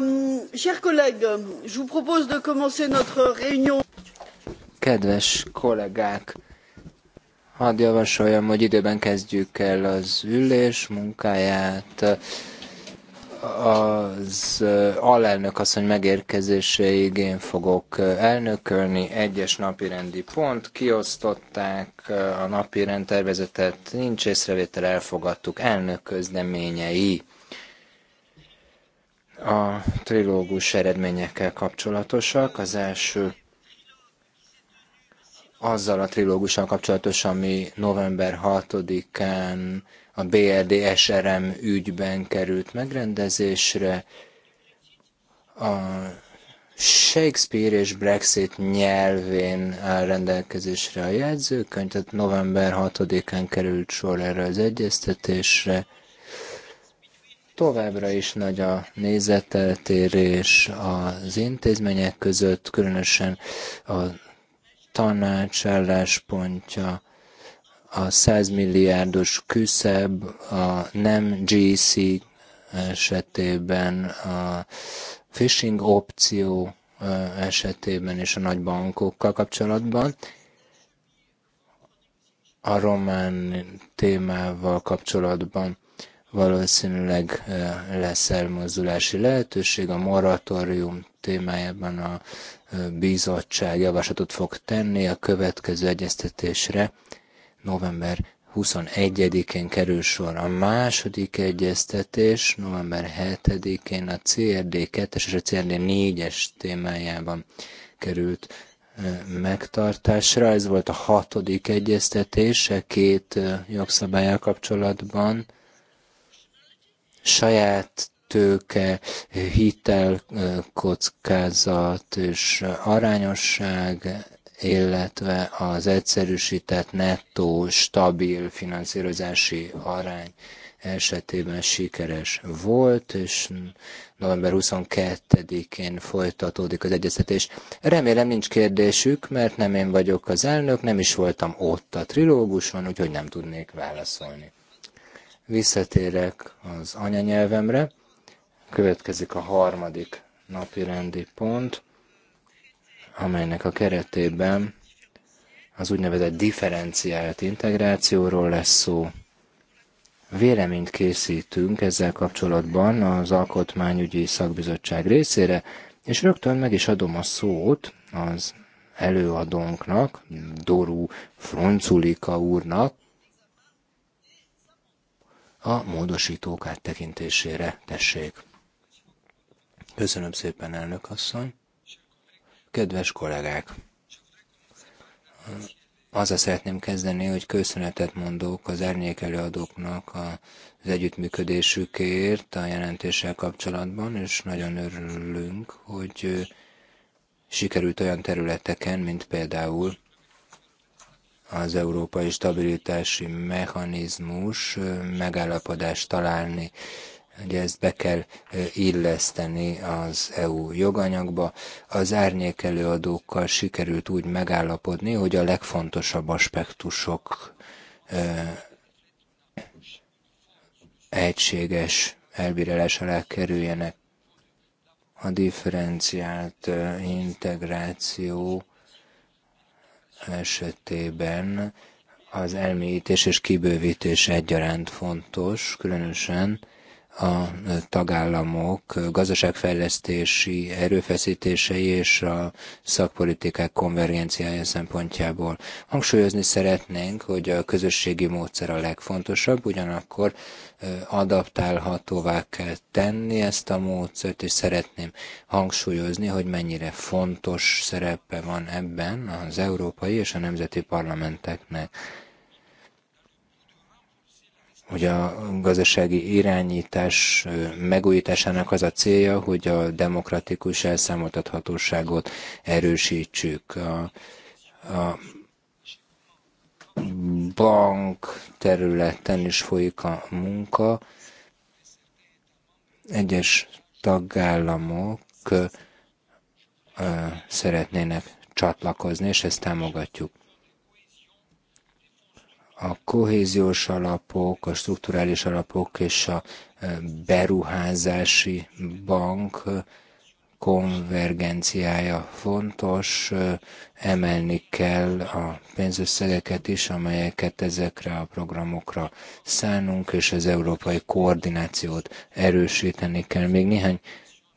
Euh, chers collègues, je vous propose de commencer notre réunion. Kedves kollégák, hadd javasoljam, hogy időben kezdjük el az ülés munkáját. Az uh, alelnök asszony megérkezéséig én fogok uh, elnökölni. Egyes napirendi pont, kiosztották uh, a napirend tervezetet, nincs észrevétel, elfogadtuk elnök közleményei a trilógus eredményekkel kapcsolatosak. Az első azzal a trilógussal kapcsolatos, ami november 6-án a BRD SRM ügyben került megrendezésre. A Shakespeare és Brexit nyelvén áll rendelkezésre a jegyzőkönyv, tehát november 6-án került sor erre az egyeztetésre. Továbbra is nagy a nézeteltérés az intézmények között, különösen a tanács álláspontja, a 100 milliárdos küszeb, a nem GC esetében, a phishing opció esetében és a nagy bankokkal kapcsolatban. A román témával kapcsolatban valószínűleg lesz elmozdulási lehetőség. A moratórium témájában a bizottság javaslatot fog tenni a következő egyeztetésre november 21-én kerül sor a második egyeztetés, november 7-én a CRD 2-es és a CRD 4-es témájában került megtartásra. Ez volt a hatodik egyeztetése két jogszabályal kapcsolatban saját tőke, hitel, kockázat és arányosság, illetve az egyszerűsített nettó stabil finanszírozási arány esetében sikeres volt, és november 22-én folytatódik az egyeztetés. Remélem nincs kérdésük, mert nem én vagyok az elnök, nem is voltam ott a trilóguson, úgyhogy nem tudnék válaszolni. Visszatérek az anyanyelvemre. Következik a harmadik napi rendi pont, amelynek a keretében az úgynevezett differenciált integrációról lesz szó. Véleményt készítünk ezzel kapcsolatban az Alkotmányügyi Szakbizottság részére, és rögtön meg is adom a szót az előadónknak, Dorú Fronculika úrnak, a módosítók áttekintésére tessék. Köszönöm szépen, elnök asszony. Kedves kollégák! Azzal szeretném kezdeni, hogy köszönetet mondok az árnyék előadóknak az együttműködésükért a jelentéssel kapcsolatban, és nagyon örülünk, hogy sikerült olyan területeken, mint például az európai stabilitási mechanizmus megállapodást találni. Ugye ezt be kell illeszteni az EU joganyagba. Az adókkal sikerült úgy megállapodni, hogy a legfontosabb aspektusok egységes elbírálás alá kerüljenek. A differenciált integráció esetében az elmélyítés és kibővítés egyaránt fontos, különösen a tagállamok gazdaságfejlesztési erőfeszítései és a szakpolitikák konvergenciája szempontjából. Hangsúlyozni szeretnénk, hogy a közösségi módszer a legfontosabb, ugyanakkor adaptálhatóvá kell tenni ezt a módszert, és szeretném hangsúlyozni, hogy mennyire fontos szerepe van ebben az európai és a nemzeti parlamenteknek hogy a gazdasági irányítás megújításának az a célja, hogy a demokratikus elszámoltathatóságot erősítsük. A, a bank területen is folyik a munka. Egyes tagállamok szeretnének csatlakozni, és ezt támogatjuk a kohéziós alapok, a strukturális alapok és a e, beruházási bank konvergenciája fontos, e, emelni kell a pénzösszegeket is, amelyeket ezekre a programokra szánunk, és az európai koordinációt erősíteni kell. Még néhány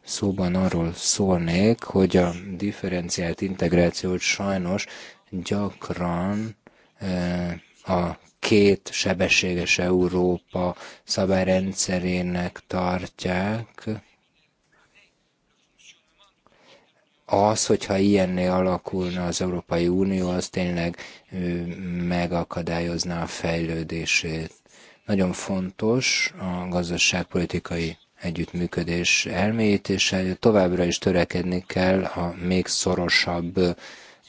szóban arról szólnék, hogy a differenciált integrációt sajnos gyakran e, a két sebességes Európa szabályrendszerének tartják, az, hogyha ilyenné alakulna az Európai Unió, az tényleg megakadályozná a fejlődését. Nagyon fontos a gazdaságpolitikai együttműködés elmélyítése, továbbra is törekedni kell a még szorosabb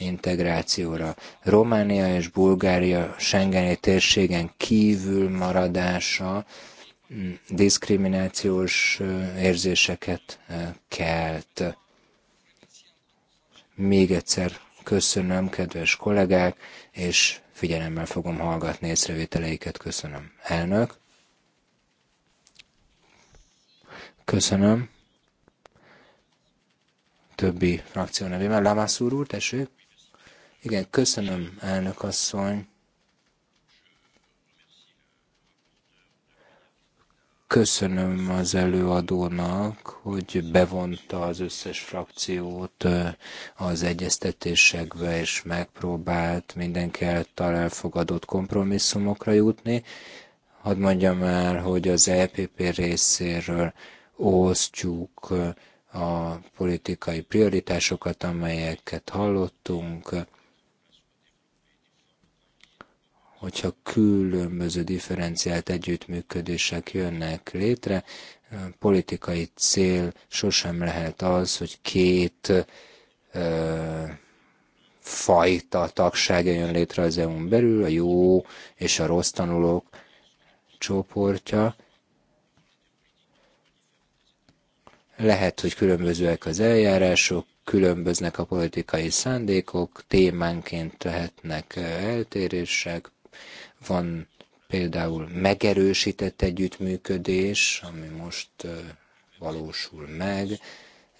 integrációra. Románia és Bulgária Schengeni térségen kívül maradása mm, diszkriminációs érzéseket kelt. Még egyszer köszönöm, kedves kollégák, és figyelemmel fogom hallgatni észrevételeiket. Köszönöm. Elnök. Köszönöm. Többi frakció nevében. Lamász úr, úr, tessék. Igen, köszönöm, elnök asszony. Köszönöm az előadónak, hogy bevonta az összes frakciót az egyeztetésekbe, és megpróbált mindenki által elfogadott kompromisszumokra jutni. Hadd mondjam el, hogy az EPP részéről osztjuk a politikai prioritásokat, amelyeket hallottunk, hogyha különböző differenciált együttműködések jönnek létre, politikai cél sosem lehet az, hogy két ö, fajta tagsága jön létre az EU-n belül, a jó és a rossz tanulók csoportja. Lehet, hogy különbözőek az eljárások, különböznek a politikai szándékok, témánként lehetnek eltérések, van például megerősített együttműködés, ami most valósul meg.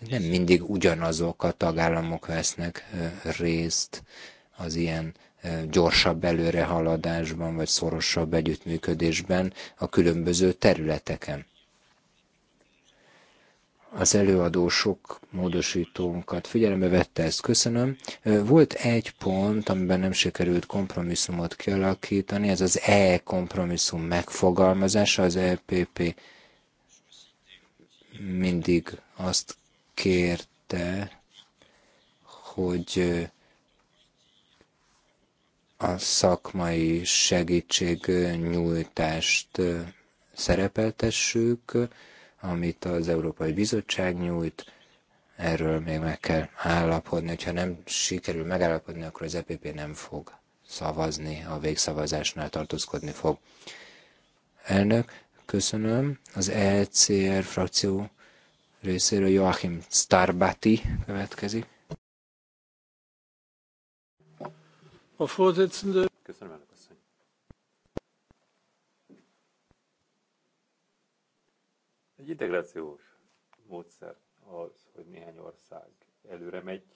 Nem mindig ugyanazok a tagállamok vesznek részt az ilyen gyorsabb előrehaladásban, vagy szorosabb együttműködésben a különböző területeken az előadó sok módosítónkat figyelembe vette, ezt köszönöm. Volt egy pont, amiben nem sikerült kompromisszumot kialakítani, ez az E-kompromisszum megfogalmazása, az EPP mindig azt kérte, hogy a szakmai segítség nyújtást szerepeltessük, amit az Európai Bizottság nyújt, erről még meg kell állapodni. ha nem sikerül megállapodni, akkor az EPP nem fog szavazni, a végszavazásnál tartózkodni fog. Elnök, köszönöm. Az ECR frakció részéről Joachim Starbati következik. A Köszönöm, elnök egy integrációs módszer az, hogy néhány ország előre megy,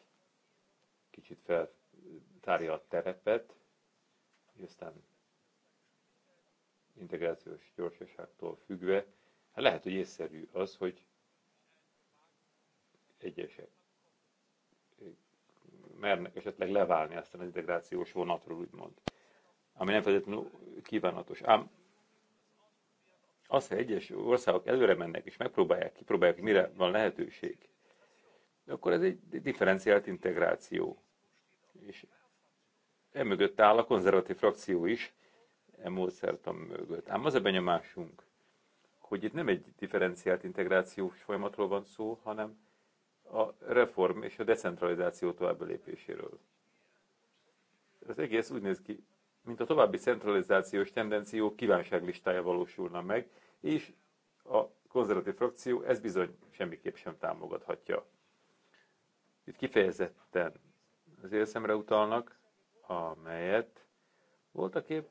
kicsit feltárja a terepet, és aztán integrációs gyorsaságtól függve, hát lehet, hogy észszerű az, hogy egyesek mernek esetleg leválni aztán az integrációs vonatról, úgymond. Ami nem feltétlenül kívánatos. Ám az, hogy egyes országok előre mennek és megpróbálják, kipróbálják, mire van lehetőség, akkor ez egy differenciált integráció. És emögött áll a konzervatív frakció is, e módszertan mögött. Ám az a benyomásunk, hogy itt nem egy differenciált integrációs folyamatról van szó, hanem a reform és a decentralizáció tovább lépéséről. Az egész úgy néz ki, mint a további centralizációs tendenció kívánságlistája valósulna meg, és a konzervatív frakció ez bizony semmiképp sem támogathatja. Itt kifejezetten az érszemre utalnak, amelyet voltak épp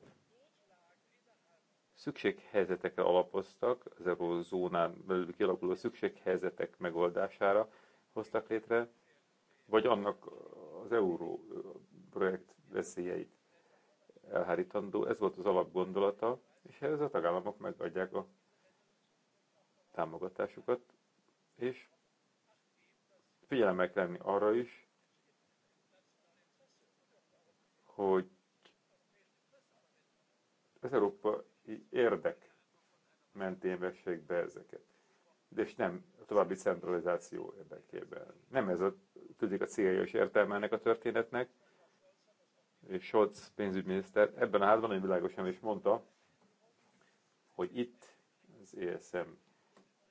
szükséghelyzetekre alapoztak, az eurózónán belül kialakuló szükséghelyzetek megoldására hoztak létre, vagy annak az euró projekt veszélyeit elhárítandó. Ez volt az alapgondolata, és ehhez a tagállamok megadják a támogatásukat, és figyelemmel kell lenni arra is, hogy az európai érdek mentén vessék be ezeket. De és nem a további centralizáció érdekében. Nem ez a, tudjuk a célja és értelme ennek a történetnek, és Scholz pénzügyminiszter ebben a házban világosan is mondta, hogy itt az ESM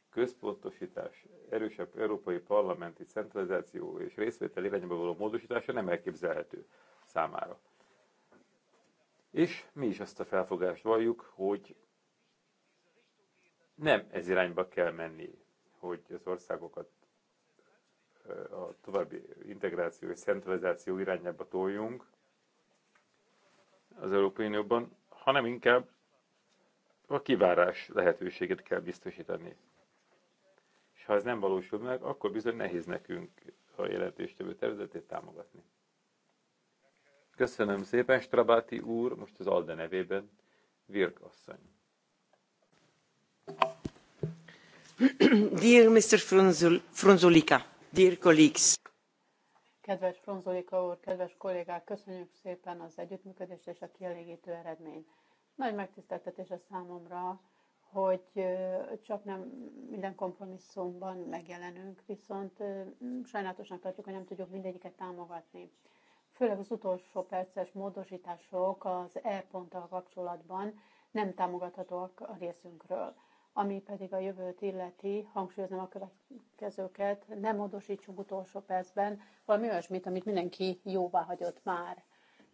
központosítás, erősebb európai parlamenti centralizáció és részvétel irányba való módosítása nem elképzelhető számára. És mi is azt a felfogást valljuk, hogy nem ez irányba kell menni, hogy az országokat a további integráció és centralizáció irányába toljunk, az Európai Unióban, hanem inkább a kivárás lehetőséget kell biztosítani. És ha ez nem valósul meg, akkor bizony nehéz nekünk a jelentéstevő tervezetét támogatni. Köszönöm szépen, Strabáti úr, most az Alde nevében, Virk asszony. Dear Mr. Frunzul, Frunzulika, dear colleagues. Kedves Fronzolika úr, kedves kollégák, köszönjük szépen az együttműködést és a kielégítő eredményt. Nagy megtiszteltetés a számomra, hogy csak nem minden kompromisszumban megjelenünk, viszont sajnálatosnak tartjuk, hogy nem tudjuk mindegyiket támogatni. Főleg az utolsó perces módosítások az E ponttal kapcsolatban nem támogathatóak a részünkről. Ami pedig a jövőt illeti, hangsúlyozom a következőket, ne módosítsunk utolsó percben valami olyasmit, amit mindenki jóvá hagyott már.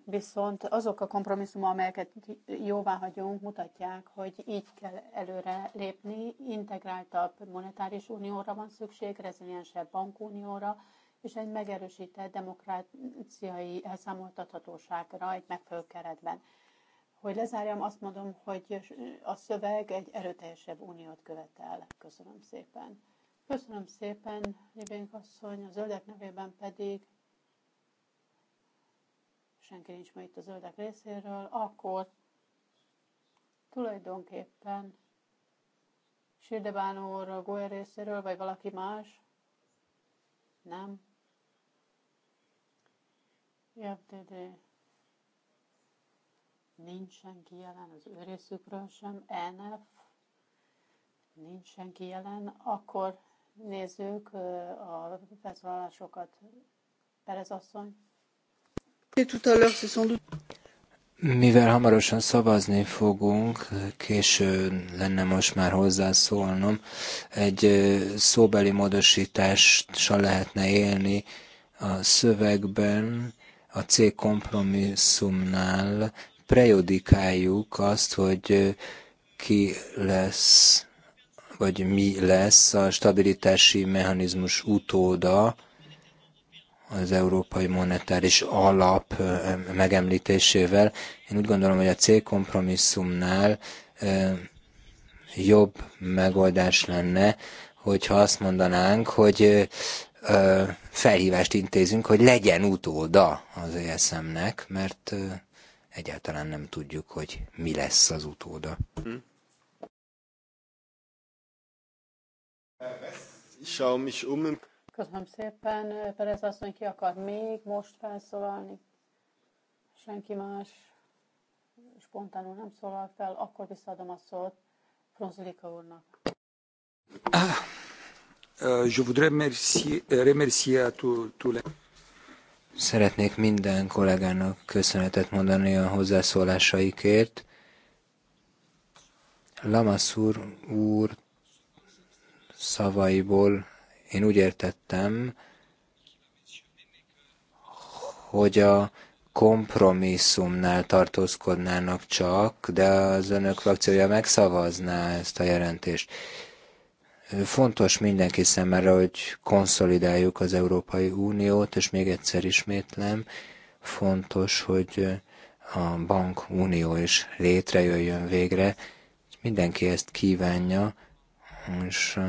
Viszont azok a kompromisszumok, amelyeket jóvá hagyunk, mutatják, hogy így kell előre lépni. Integráltabb monetáris unióra van szükség, reziliensebb bankunióra, és egy megerősített demokráciai elszámoltathatóságra egy megfelelő keretben. Hogy lezárjam, azt mondom, hogy a szöveg egy erőteljesebb uniót követel. Köszönöm szépen. Köszönöm szépen, Libénk asszony, a zöldek nevében pedig senki nincs ma itt a zöldek részéről, akkor tulajdonképpen Sildebán úr Goer részéről, vagy valaki más? Nem? Jövdődő nincs senki jelen az ő részükről sem, ENF, nincs senki jelen, akkor nézzük a felszólalásokat. Perez asszony. Mivel hamarosan szavazni fogunk, késő lenne most már hozzászólnom, egy szóbeli módosítással lehetne élni a szövegben, a C kompromisszumnál prejudikáljuk azt, hogy ki lesz, vagy mi lesz a stabilitási mechanizmus utóda, az Európai Monetáris Alap megemlítésével. Én úgy gondolom, hogy a célkompromisszumnál jobb megoldás lenne, hogyha azt mondanánk, hogy felhívást intézünk, hogy legyen utóda az ESM-nek, mert egyáltalán nem tudjuk, hogy mi lesz az utóda. Mhm. Um. Köszönöm szépen. Perez asszony ki akar még most felszólalni? Senki más spontánul nem szólal fel, akkor visszaadom a szót Fronzulika úrnak. Ah, euh, je voudrais remercier, remercier à tous les... Szeretnék minden kollégának köszönetet mondani a hozzászólásaikért. Lamaszur úr szavaiból én úgy értettem, hogy a kompromisszumnál tartózkodnának csak, de az önök frakciója megszavazná ezt a jelentést. Fontos mindenki számára, hogy konszolidáljuk az Európai Uniót, és még egyszer ismétlem, fontos, hogy a unió is létrejöjjön végre. Mindenki ezt kívánja, és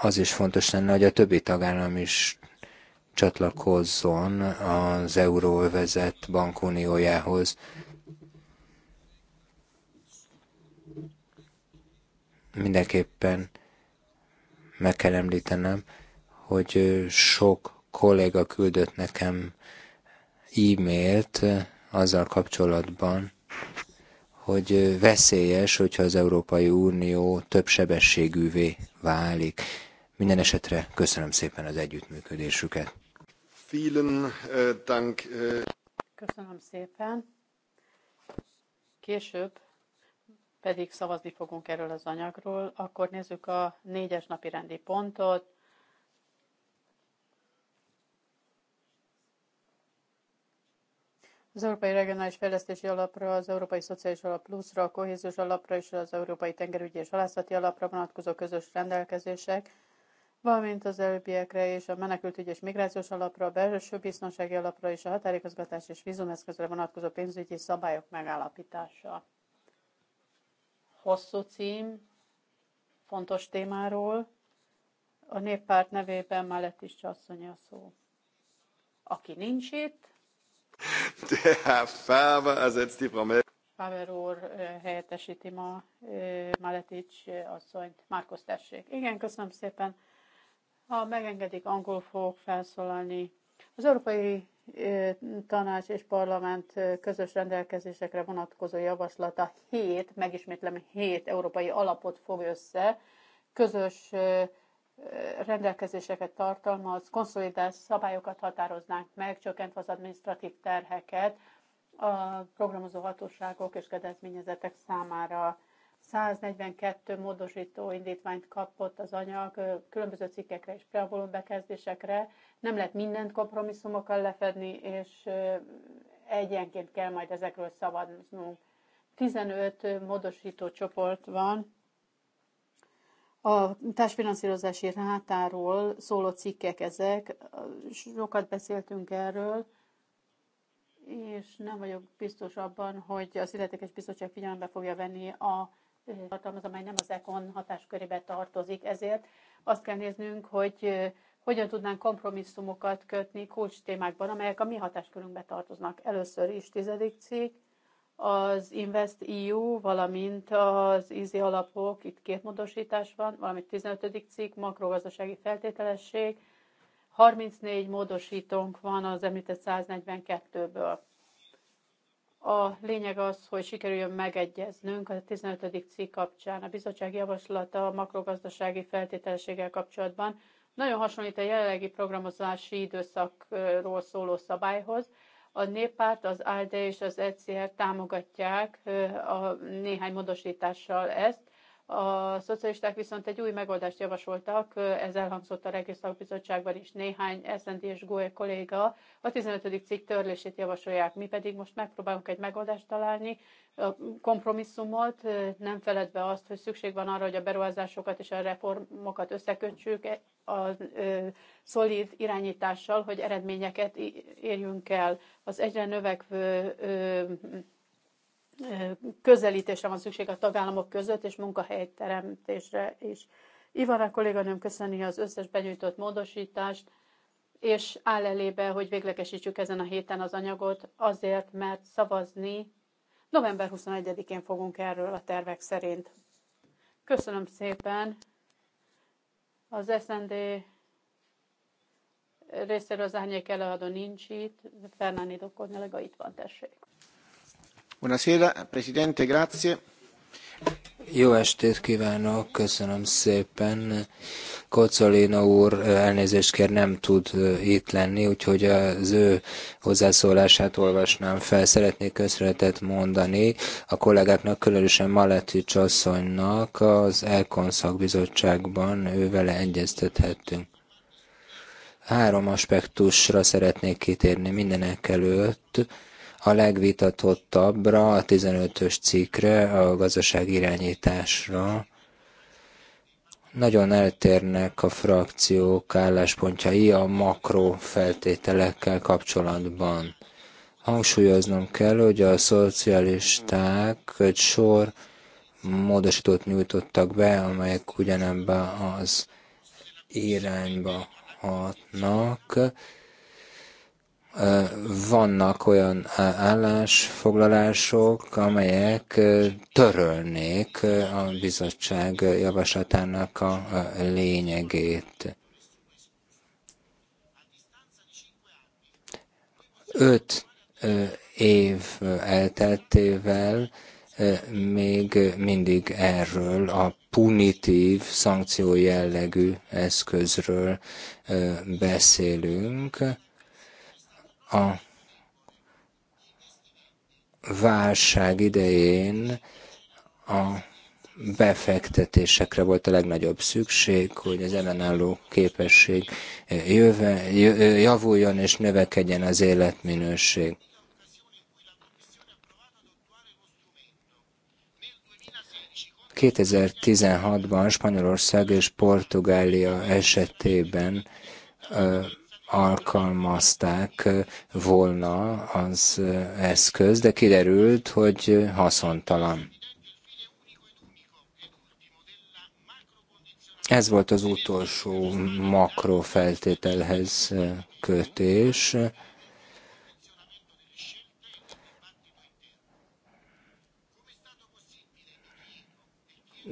az is fontos lenne, hogy a többi tagállam is csatlakozzon az euróvezet bankuniójához. mindenképpen meg kell említenem, hogy sok kolléga küldött nekem e-mailt azzal kapcsolatban, hogy veszélyes, hogyha az Európai Unió több sebességűvé válik. Minden esetre köszönöm szépen az együttműködésüket. Vielen Dank. Köszönöm szépen. Később pedig szavazni fogunk erről az anyagról, akkor nézzük a négyes napi rendi pontot. Az Európai Regionális Fejlesztési Alapra, az Európai Szociális Alap Pluszra, a Kohéziós Alapra és az Európai Tengerügyi és Halászati Alapra vonatkozó közös rendelkezések, valamint az előbbiekre és a Menekültügy és migrációs alapra, a belső biztonsági alapra és a határigazgatás és vízumeszközre vonatkozó pénzügyi szabályok megállapítása hosszú cím, fontos témáról. A néppárt nevében mellett is asszony a szó. Aki nincs itt, Der Faber ersetzt die Frau Mel. Faber úr helyettesíti ma Maletics asszonyt. Márkusz, tessék. Igen, köszönöm szépen. Ha megengedik, angol fogok felszólalni. Az Európai Tanács és Parlament közös rendelkezésekre vonatkozó javaslata 7, megismétlem 7 európai alapot fog össze, közös rendelkezéseket tartalmaz, konszolidált szabályokat határoznánk meg, csökkentve az administratív terheket a programozó hatóságok és kedvezményezetek számára. 142 módosító indítványt kapott az anyag különböző cikkekre és preambulum bekezdésekre. Nem lehet mindent kompromisszumokkal lefedni, és egyenként kell majd ezekről szavaznunk. 15 módosító csoport van, a társfinanszírozási rátáról szóló cikkek ezek, sokat beszéltünk erről, és nem vagyok biztos abban, hogy az illetékes bizottság figyelembe fogja venni a tartalmaz, amely nem az ECON hatáskörébe tartozik. Ezért azt kell néznünk, hogy hogyan tudnánk kompromisszumokat kötni kulcs témákban, amelyek a mi hatáskörünkbe tartoznak. Először is tizedik cikk, az Invest EU, valamint az ízi alapok, itt két módosítás van, valamint 15. cikk, makrogazdasági feltételesség, 34 módosítónk van az említett 142-ből. A lényeg az, hogy sikerüljön megegyeznünk a 15. cikk kapcsán. A bizottság javaslata a makrogazdasági feltételességgel kapcsolatban nagyon hasonlít a jelenlegi programozási időszakról szóló szabályhoz. A néppárt, az ALDE és az ECR támogatják a néhány módosítással ezt, a szocialisták viszont egy új megoldást javasoltak, ez elhangzott a Regi Szakbizottságban is néhány SZND és GOE kolléga, a 15. cikk törlését javasolják, mi pedig most megpróbálunk egy megoldást találni, kompromisszumot, nem feledve azt, hogy szükség van arra, hogy a beruházásokat és a reformokat összekötsük e, a szolid irányítással, hogy eredményeket érjünk el. Az egyre növekvő közelítésre van szükség a tagállamok között, és munkahelyteremtésre is. Ivana kolléganőm köszöni az összes benyújtott módosítást, és áll elébe, hogy véglegesítsük ezen a héten az anyagot, azért, mert szavazni november 21-én fogunk erről a tervek szerint. Köszönöm szépen! Az SND részéről az árnyék előadó nincs itt, Fernándi Dokkornyalega itt van, tessék. Buonasera, Presidente, grazie. Jó estét kívánok, köszönöm szépen. Kocolina úr elnézést kér, nem tud itt lenni, úgyhogy az ő hozzászólását olvasnám fel. Szeretnék köszönetet mondani a kollégáknak, különösen Maleti Csasszonynak az Elkon szakbizottságban, ővele egyeztethettünk. Három aspektusra szeretnék kitérni mindenek előtt a legvitatottabbra, a 15-ös cikkre, a gazdasági irányításra nagyon eltérnek a frakciók álláspontjai a makro feltételekkel kapcsolatban. Hangsúlyoznom kell, hogy a szocialisták egy sor módosítót nyújtottak be, amelyek ugyanebben az irányba hatnak vannak olyan állásfoglalások, amelyek törölnék a bizottság javaslatának a lényegét. Öt év elteltével még mindig erről a punitív, szankció jellegű eszközről beszélünk a válság idején a befektetésekre volt a legnagyobb szükség, hogy az ellenálló képesség jöve, javuljon és növekedjen az életminőség. ...2016-ban Spanyolország és Portugália esetében alkalmazták volna az eszköz, de kiderült, hogy haszontalan. Ez volt az utolsó makrofeltételhez kötés.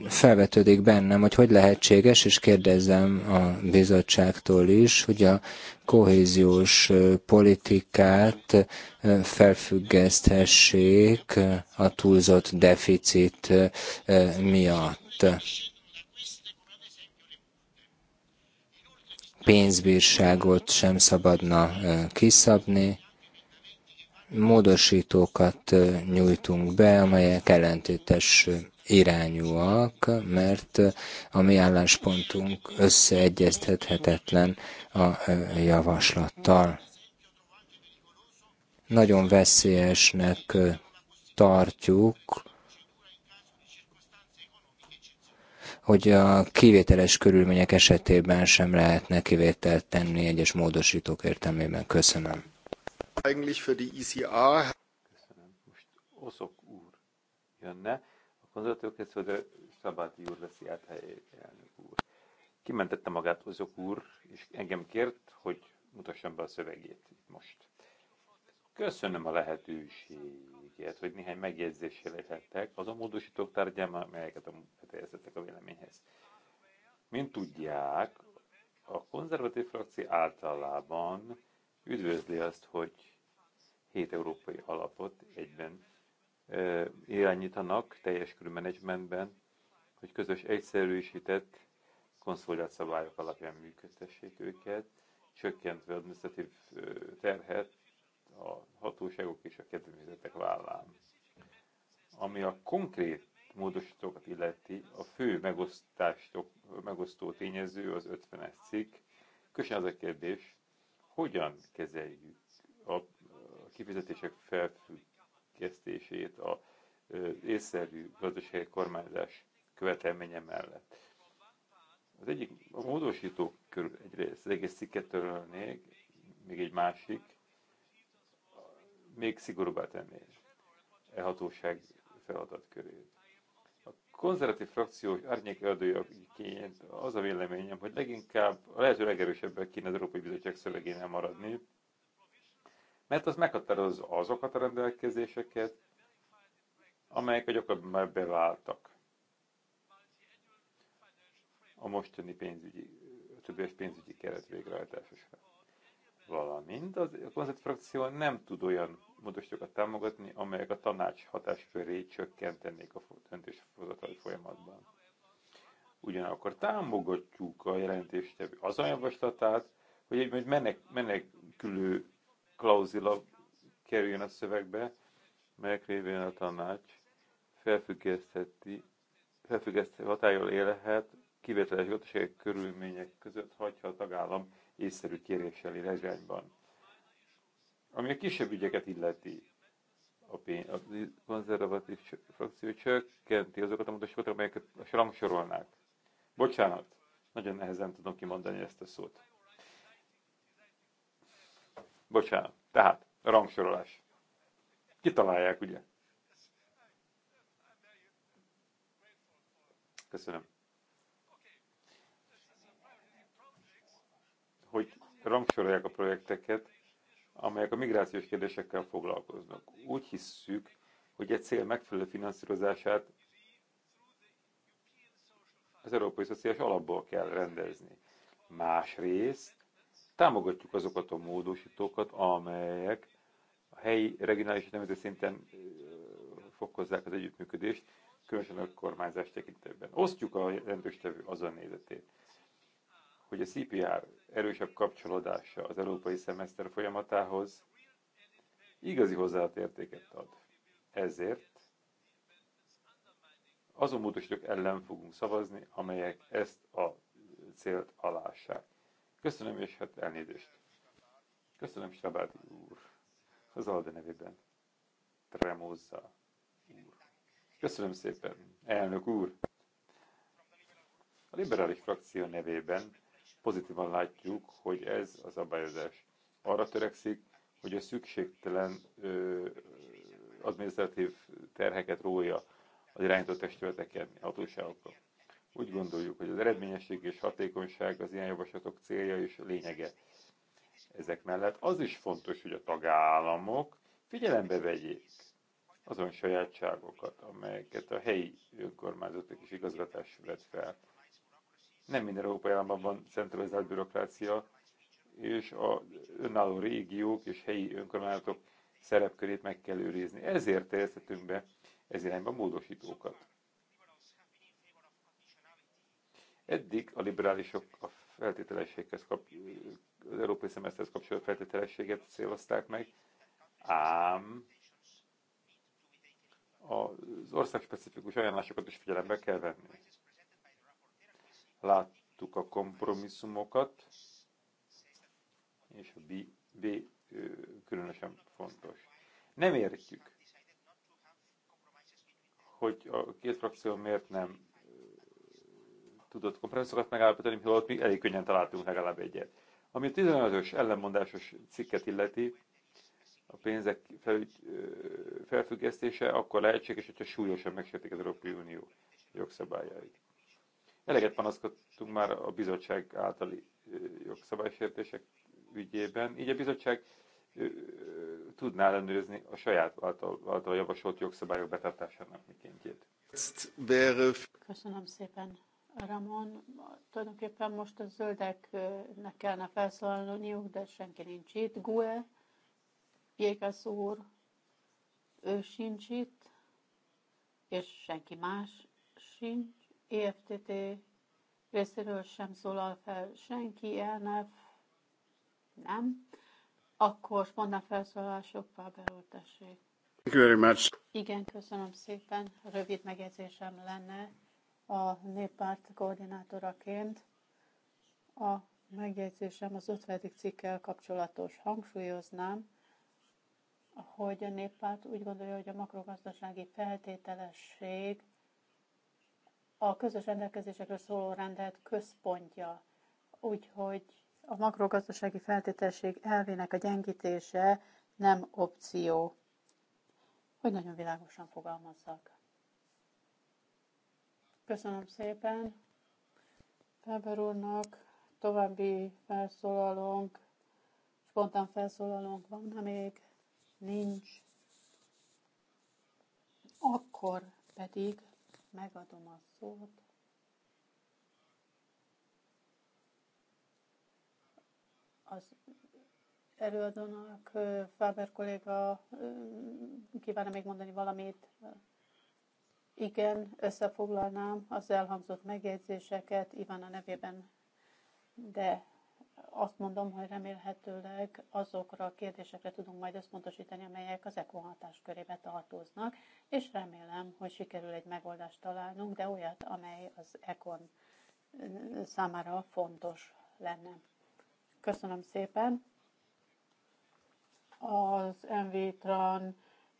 felvetődik bennem, hogy hogy lehetséges, és kérdezem a bizottságtól is, hogy a kohéziós politikát felfüggeszthessék a túlzott deficit miatt. Pénzbírságot sem szabadna kiszabni, módosítókat nyújtunk be, amelyek ellentétes irányúak, mert a mi álláspontunk összeegyeztethetetlen a javaslattal. Nagyon veszélyesnek tartjuk, hogy a kivételes körülmények esetében sem lehetne kivételt tenni egyes módosítók értelmében. Köszönöm. Eigentlich für die ICA. E Köszönöm. Most Oszok úr jönne. Onnantól kezdve Szabáti úr veszi át helyét, elnök úr. Kimentette magát az úr, és engem kért, hogy mutassam be a szövegét itt most. Köszönöm a lehetőséget, hogy néhány megjegyzéssel lehettek az a módosítók tárgyában, amelyeket a fejeztetek a véleményhez. Mint tudják, a konzervatív frakció általában üdvözli azt, hogy 7 európai alapot egyben irányítanak teljes körű menedzsmentben, hogy közös egyszerűsített konszolidált szabályok alapján működtessék őket, csökkentve administratív terhet a hatóságok és a kedvezményezettek vállán. Ami a konkrét módosítókat illeti, a fő megosztó tényező az 50-es cikk. Kösen az a kérdés, hogyan kezeljük a kifizetések felfügg összefüggesztését a észszerű gazdasági kormányzás követelménye mellett. Az egyik, a módosítók körül egyrészt az egész cikket törölnék, még egy másik, még szigorúbbá tenné e hatóság köré. A konzervatív frakció árnyék előadójaként az a véleményem, hogy leginkább a lehető legerősebbek kéne az Európai Bizottság szövegén maradni, mert az meghatározza azokat a rendelkezéseket, amelyek a gyakorlatban beváltak a mostani pénzügyi, többes pénzügyi keret végrehajtásosra. Valamint az, a konzert frakció nem tud olyan módosítókat támogatni, amelyek a tanács hatáskörét csökkentenék a döntéshozatali folyamatban. Ugyanakkor támogatjuk a jelentéstevő az a javaslatát, hogy egy menekülő klauzila kerüljön a szövegbe, melyek révén a tanács felfüggesztheti, felfüggesztheti hatályol élhet, kivételes gazdasági körülmények között hagyja a tagállam észszerű kéréssel irányban. Ami a kisebb ügyeket illeti, a, pénz, a konzervatív frakció csökkenti azokat a módosítókat, amelyeket rangsorolnák. Bocsánat, nagyon nehezen tudom kimondani ezt a szót. Bocsánat. Tehát, rangsorolás. Kitalálják, ugye? Köszönöm. Hogy rangsorolják a projekteket, amelyek a migrációs kérdésekkel foglalkoznak. Úgy hisszük, hogy egy cél megfelelő finanszírozását az Európai Szociális Alapból kell rendezni. Másrészt Támogatjuk azokat a módosítókat, amelyek a helyi, regionális és nemzeti szinten fokozzák az együttműködést, különösen a kormányzás tekintetben. Osztjuk a rendőrstevő azon nézetét, hogy a CPR erősebb kapcsolódása az európai szemeszter folyamatához igazi hozzáadott értéket ad. Ezért azon módosítók ellen fogunk szavazni, amelyek ezt a célt alássák. Köszönöm, és hát elnézést. Köszönöm, Sabáti úr. Az Alde nevében. Tremozza úr. Köszönöm szépen, elnök úr. A liberális frakció nevében pozitívan látjuk, hogy ez a szabályozás arra törekszik, hogy a szükségtelen ö, adminisztratív terheket rója az irányított testületeken, hatóságokon. Úgy gondoljuk, hogy az eredményesség és hatékonyság az ilyen javaslatok célja és lényege. Ezek mellett az is fontos, hogy a tagállamok figyelembe vegyék azon sajátságokat, amelyeket a helyi önkormányzatok és igazgatás vett fel. Nem minden európai államban van centralizált bürokrácia, és a önálló régiók és helyi önkormányzatok szerepkörét meg kell őrizni. Ezért terjesztettünk be ez irányba módosítókat. Eddig a liberálisok a feltételességhez kap, az európai szemeszterhez kapcsolódó feltételességet célozták meg, ám az országspecifikus ajánlásokat is figyelembe kell venni. Láttuk a kompromisszumokat, és a B, B különösen fontos. Nem értjük, hogy a két frakció miért nem tudott kompromisszokat megállapítani, holott mi elég könnyen találtunk legalább egyet. Ami a 15-ös ellenmondásos cikket illeti, a pénzek fel, felfüggesztése akkor lehetséges, hogyha súlyosan megsértik az Európai Unió jogszabályait. Eleget panaszkodtunk már a bizottság általi jogszabálysértések ügyében, így a bizottság tudná ellenőrizni a saját által, által javasolt jogszabályok betartásának mikéntjét. Köszönöm szépen. Ramon, tulajdonképpen most a zöldeknek kellene felszólalniuk, de senki nincs itt. Gue, Jékasz úr, ő sincs itt, és senki más sincs. EFTT részéről sem szólal fel senki, elnef, nem. Akkor spontán felszólalások, Páber úr, tessék. Thank you very much. Igen, köszönöm szépen. Rövid megjegyzésem lenne a néppárt koordinátoraként a megjegyzésem az 50. cikkel kapcsolatos. Hangsúlyoznám, hogy a néppárt úgy gondolja, hogy a makrogazdasági feltételesség a közös rendelkezésekről szóló rendelet központja. Úgyhogy a makrogazdasági feltételesség elvének a gyengítése nem opció, hogy nagyon világosan fogalmazzak. Köszönöm szépen. Weber úrnak további felszólalónk, spontán felszólalónk van, ha még nincs. Akkor pedig megadom a szót az előadónak, Faber kolléga kívánna még mondani valamit igen, összefoglalnám az elhangzott megjegyzéseket Ivana nevében, de azt mondom, hogy remélhetőleg azokra a kérdésekre tudunk majd összpontosítani, amelyek az ECO körébe tartoznak, és remélem, hogy sikerül egy megoldást találnunk, de olyat, amely az ECON számára fontos lenne. Köszönöm szépen! Az MV-tran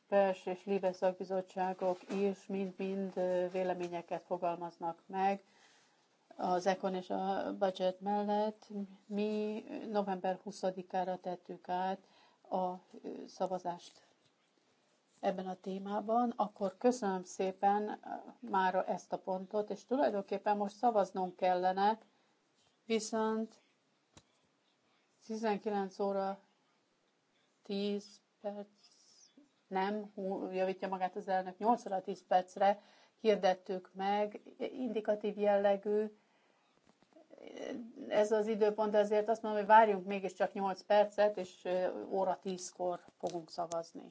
PES és LIBE szakbizottságok is mind-mind véleményeket fogalmaznak meg az ECON és a budget mellett. Mi november 20-ára tettük át a szavazást ebben a témában, akkor köszönöm szépen már ezt a pontot, és tulajdonképpen most szavaznom kellene, viszont 19 óra 10 perc nem javítja magát az elnök 8 óra 10 percre, hirdettük meg, indikatív jellegű, ez az időpont, de azért azt mondom, hogy várjunk mégiscsak 8 percet, és óra 10-kor fogunk szavazni.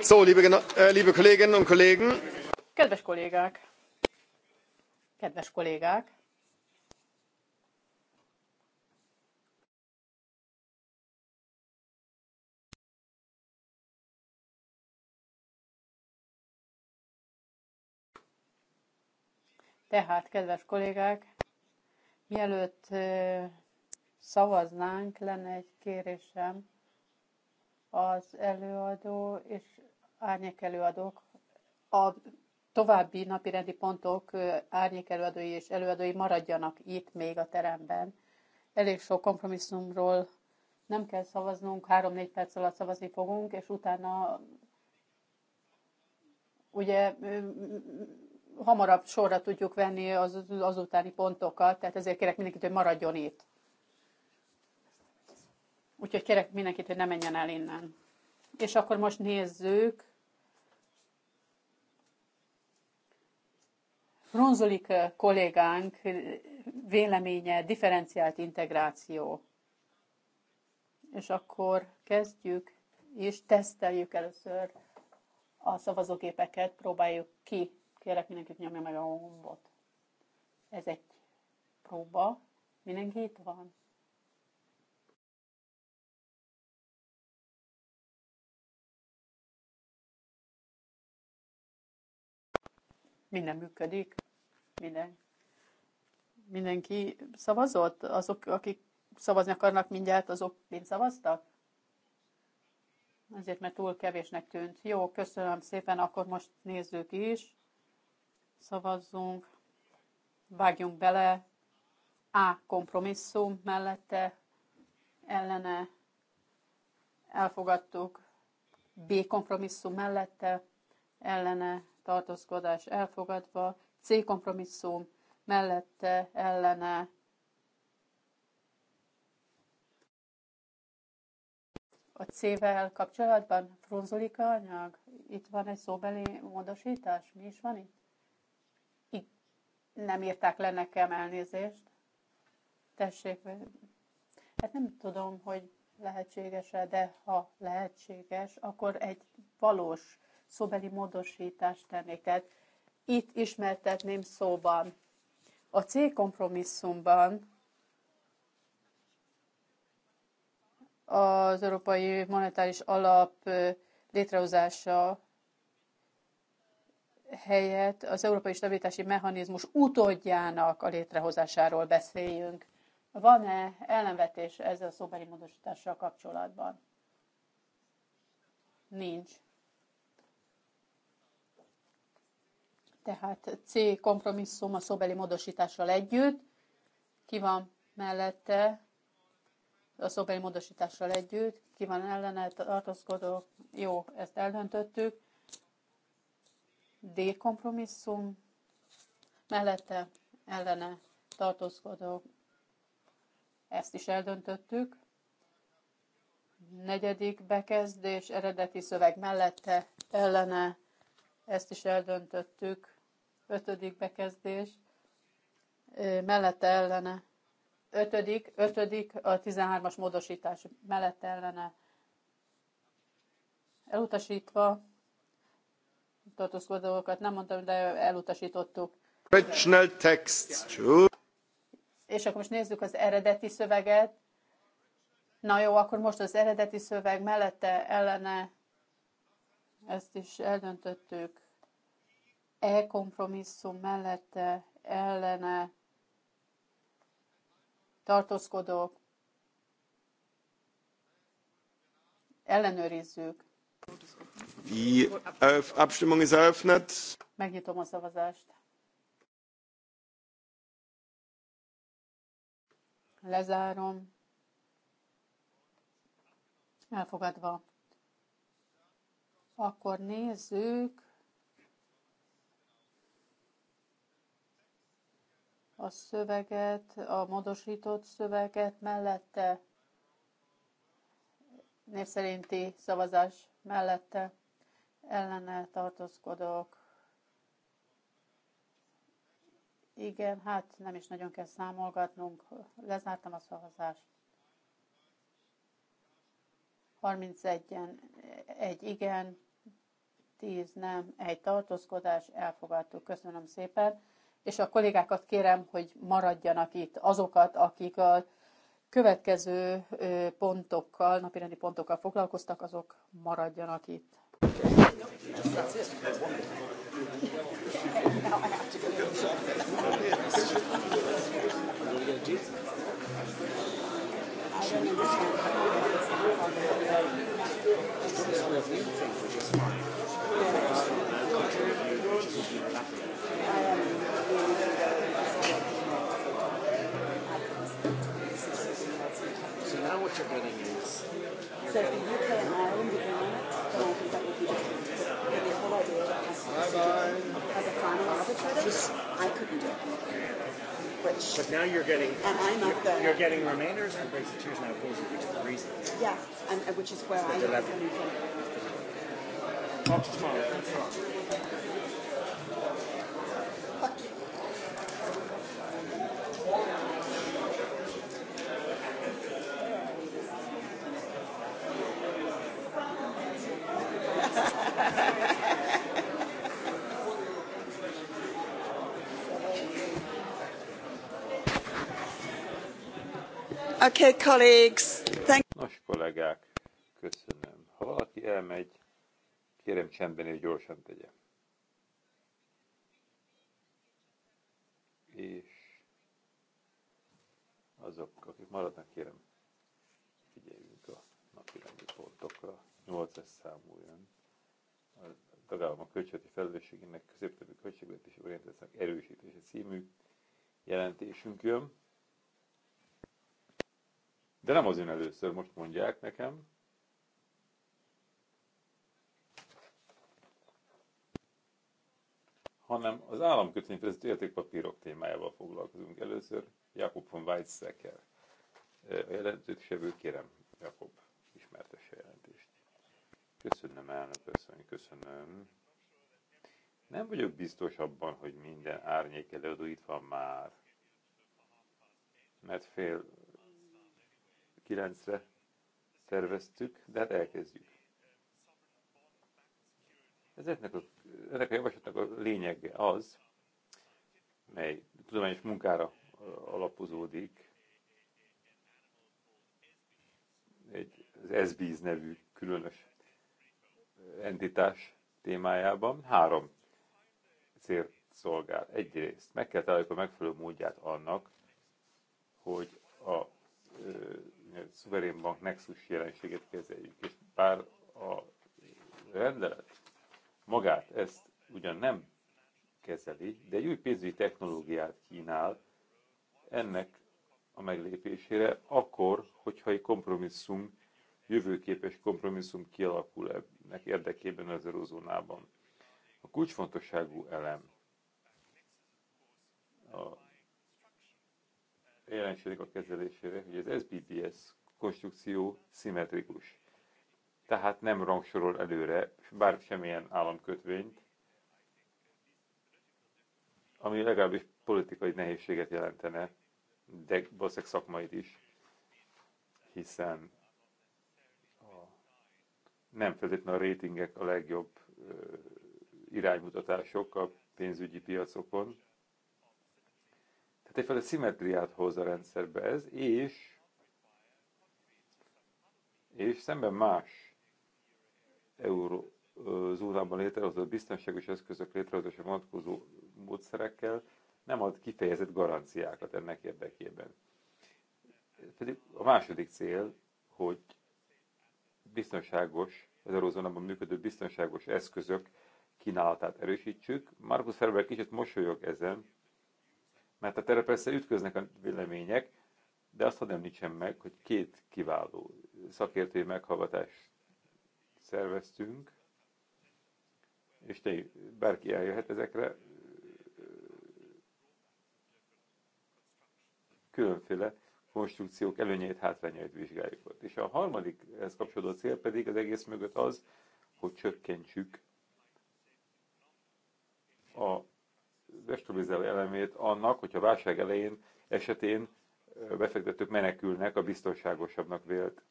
So, liebe, äh, liebe Kolleginnen und Kollegen. Kedves kollégák! Kedves kollégák! Tehát, kedves kollégák, mielőtt szavaznánk, lenne egy kérésem, az előadó és árnyék előadók a további napirendi pontok árnyék előadói és előadói maradjanak itt még a teremben. Elég sok kompromisszumról nem kell szavaznunk, 3-4 perc alatt szavazni fogunk, és utána ugye hamarabb sorra tudjuk venni az, az utáni pontokat, tehát ezért kérek mindenkit, hogy maradjon itt. Úgyhogy kérek mindenkit, hogy ne menjen el innen. És akkor most nézzük. Ronzolik eh, kollégánk eh, véleménye, differenciált integráció. És akkor kezdjük, és teszteljük először a szavazógépeket, próbáljuk ki. Kérek mindenkit nyomja meg a gombot. Ez egy próba. Mindenki itt van? minden működik, minden, mindenki szavazott, azok, akik szavazni akarnak mindjárt, azok mind szavaztak? Azért, mert túl kevésnek tűnt. Jó, köszönöm szépen, akkor most nézzük is. Szavazzunk, vágjunk bele. A kompromisszum mellette, ellene elfogadtuk. B kompromisszum mellette, ellene tartózkodás elfogadva, C kompromisszum mellette ellene a C-vel kapcsolatban a anyag? Itt van egy szóbeli módosítás? Mi is van itt? Itt nem írták le nekem elnézést. Tessék, hát nem tudom, hogy lehetséges-e, de ha lehetséges, akkor egy valós szóbeli módosítást tennék. Tehát itt ismertetném szóban. A C kompromisszumban az Európai Monetáris Alap létrehozása helyett az Európai Stabilitási Mechanizmus utódjának a létrehozásáról beszéljünk. Van-e ellenvetés ezzel a szóbeli módosítással kapcsolatban? Nincs. Tehát C kompromisszum a szóbeli módosítással együtt. Ki van mellette a szóbeli módosítással együtt? Ki van ellene tartózkodók? Jó, ezt eldöntöttük. D kompromisszum mellette ellene tartózkodók. Ezt is eldöntöttük. Negyedik bekezdés eredeti szöveg mellette ellene ezt is eldöntöttük ötödik bekezdés, mellette ellene, ötödik, ötödik a 13-as módosítás mellette ellene elutasítva, tartózkodókat nem mondtam, de elutasítottuk. text. És akkor most nézzük az eredeti szöveget. Na jó, akkor most az eredeti szöveg mellette ellene ezt is eldöntöttük. E kompromisszum mellette ellene tartózkodók ellenőrizzük. Die Abstimmung ist eröffnet. Megnyitom a szavazást. Lezárom. Elfogadva. Akkor nézzük a szöveget, a módosított szöveget mellette, név szerinti szavazás mellette ellene tartózkodok. Igen, hát nem is nagyon kell számolgatnunk. Lezártam a szavazást. 31-en egy igen, 10 nem, egy tartózkodás, elfogadtuk. Köszönöm szépen és a kollégákat kérem, hogy maradjanak itt azokat, akik a következő pontokkal, napirendi pontokkal foglalkoztak, azok maradjanak itt. I am So now what you're getting is you're so getting. If you put an within that, then I think that would be different. But the whole idea as, as a final arbitrator, I couldn't do it. Which, but now you're getting and I'm you're, the, you're getting remainders and tears now opposing you to the reason. Yeah, and, and uh, which is where so I am. Talk to tomorrow. Thanks a Okay, colleagues. Thank Nos, kollégák, köszönöm. Ha valaki elmegy, kérem csendben és gyorsan tegye. És azok, akik maradnak, kérem, figyeljünk a napirendi pontokra. 8-es számú jön. A tagállamok költségvetési felelősségének középtevű költségvetési orientációk erősítése című jelentésünk jön de nem az én először, most mondják nekem. hanem az államkötvényfejezett értékpapírok témájával foglalkozunk. Először Jakob von Weizsäcker. A jelentősevő, kérem, Jakob, ismertesse jelentést. Köszönöm, elnök asszony, köszönöm. Nem vagyok biztos abban, hogy minden árnyék előadó itt van már. Mert fél 9-re terveztük, de hát elkezdjük. Ezeknek a, ennek a javaslatnak a lényege az, mely tudományos munkára alapozódik, egy, az SBIZ nevű különös entitás témájában három célt szolgál. Egyrészt meg kell találjuk a megfelelő módját annak, hogy a szuverén bank nexus jelenséget kezeljük. És bár a rendelet magát ezt ugyan nem kezeli, de egy új pénzügyi technológiát kínál ennek a meglépésére, akkor, hogyha egy kompromisszum, jövőképes kompromisszum kialakul ennek érdekében az eurozónában. A kulcsfontosságú elem a jelenségnek a kezelésére, hogy az SBBS konstrukció szimmetrikus. Tehát nem rangsorol előre bár semmilyen államkötvényt, ami legalábbis politikai nehézséget jelentene, de valószínűleg szakmait is, hiszen nem feltétlenül a rétingek a legjobb ö, iránymutatások a pénzügyi piacokon, tehát egyfajta szimmetriát hoz a rendszerbe ez, és, és szemben más eurózónában létrehozott biztonságos eszközök létrehozása vonatkozó módszerekkel nem ad kifejezett garanciákat ennek érdekében. Pedig a második cél, hogy biztonságos, az eurózónában működő biztonságos eszközök kínálatát erősítsük. Markus Ferber kicsit mosolyog ezen, mert a erre persze ütköznek a vélemények, de azt hadd nincsen meg, hogy két kiváló szakértői meghallgatást szerveztünk, és te, bárki eljöhet ezekre, különféle konstrukciók előnyeit, hátrányait vizsgáljuk ott. És a harmadik ehhez kapcsolódó cél pedig az egész mögött az, hogy csökkentsük a destabilizáló elemét annak, hogyha válság elején esetén befektetők menekülnek a biztonságosabbnak vélt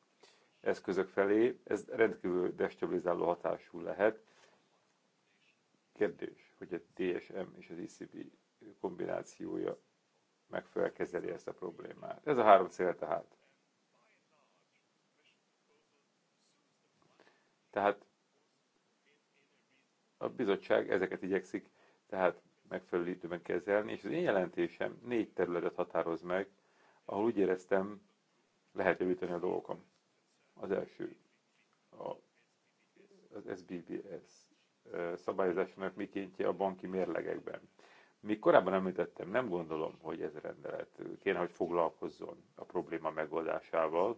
eszközök felé, ez rendkívül destabilizáló hatású lehet. Kérdés, hogy a DSM és az ECB kombinációja megfelel kezeli ezt a problémát. Ez a három cél tehát. Tehát a bizottság ezeket igyekszik tehát megfelelő időben kezelni, és az én jelentésem négy területet határoz meg, ahol úgy éreztem, lehet javítani a dolgokon. Az első, a, az SBBS szabályozásának mikéntje a banki mérlegekben. Még korábban említettem, nem gondolom, hogy ez rendelet kéne, hogy foglalkozzon a probléma megoldásával.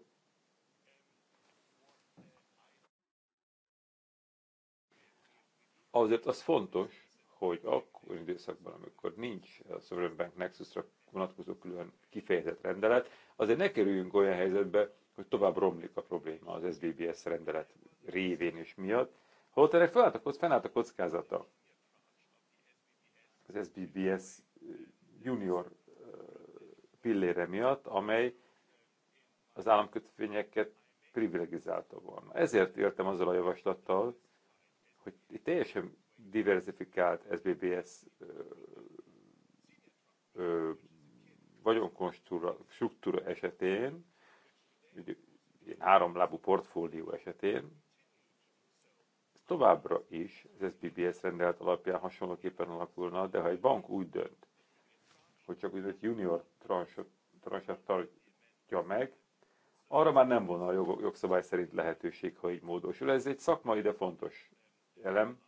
Azért az fontos, hogy akkor időszakban, amikor nincs a Sovereign Bank Nexus-ra vonatkozó külön kifejezett rendelet, azért ne kerüljünk olyan helyzetbe, hogy tovább romlik a probléma az SBBS rendelet révén és miatt, holott ennek fennállt a, kock, fennállt a kockázata. Az SBBS eh, junior eh, pillére miatt, amely az államkötvényeket privilegizálta volna. Ezért értem azzal a javaslattal, hogy itt teljesen diversifikált SBBS vagyonkonstruktúra struktúra esetén, háromlábú portfólió esetén, továbbra is az SBBS rendelet alapján hasonlóképpen alakulna, de ha egy bank úgy dönt, hogy csak egy junior transzat tartja meg, arra már nem volna a jogszabály szerint lehetőség, ha így módosul. Ez egy szakmai, de fontos elem,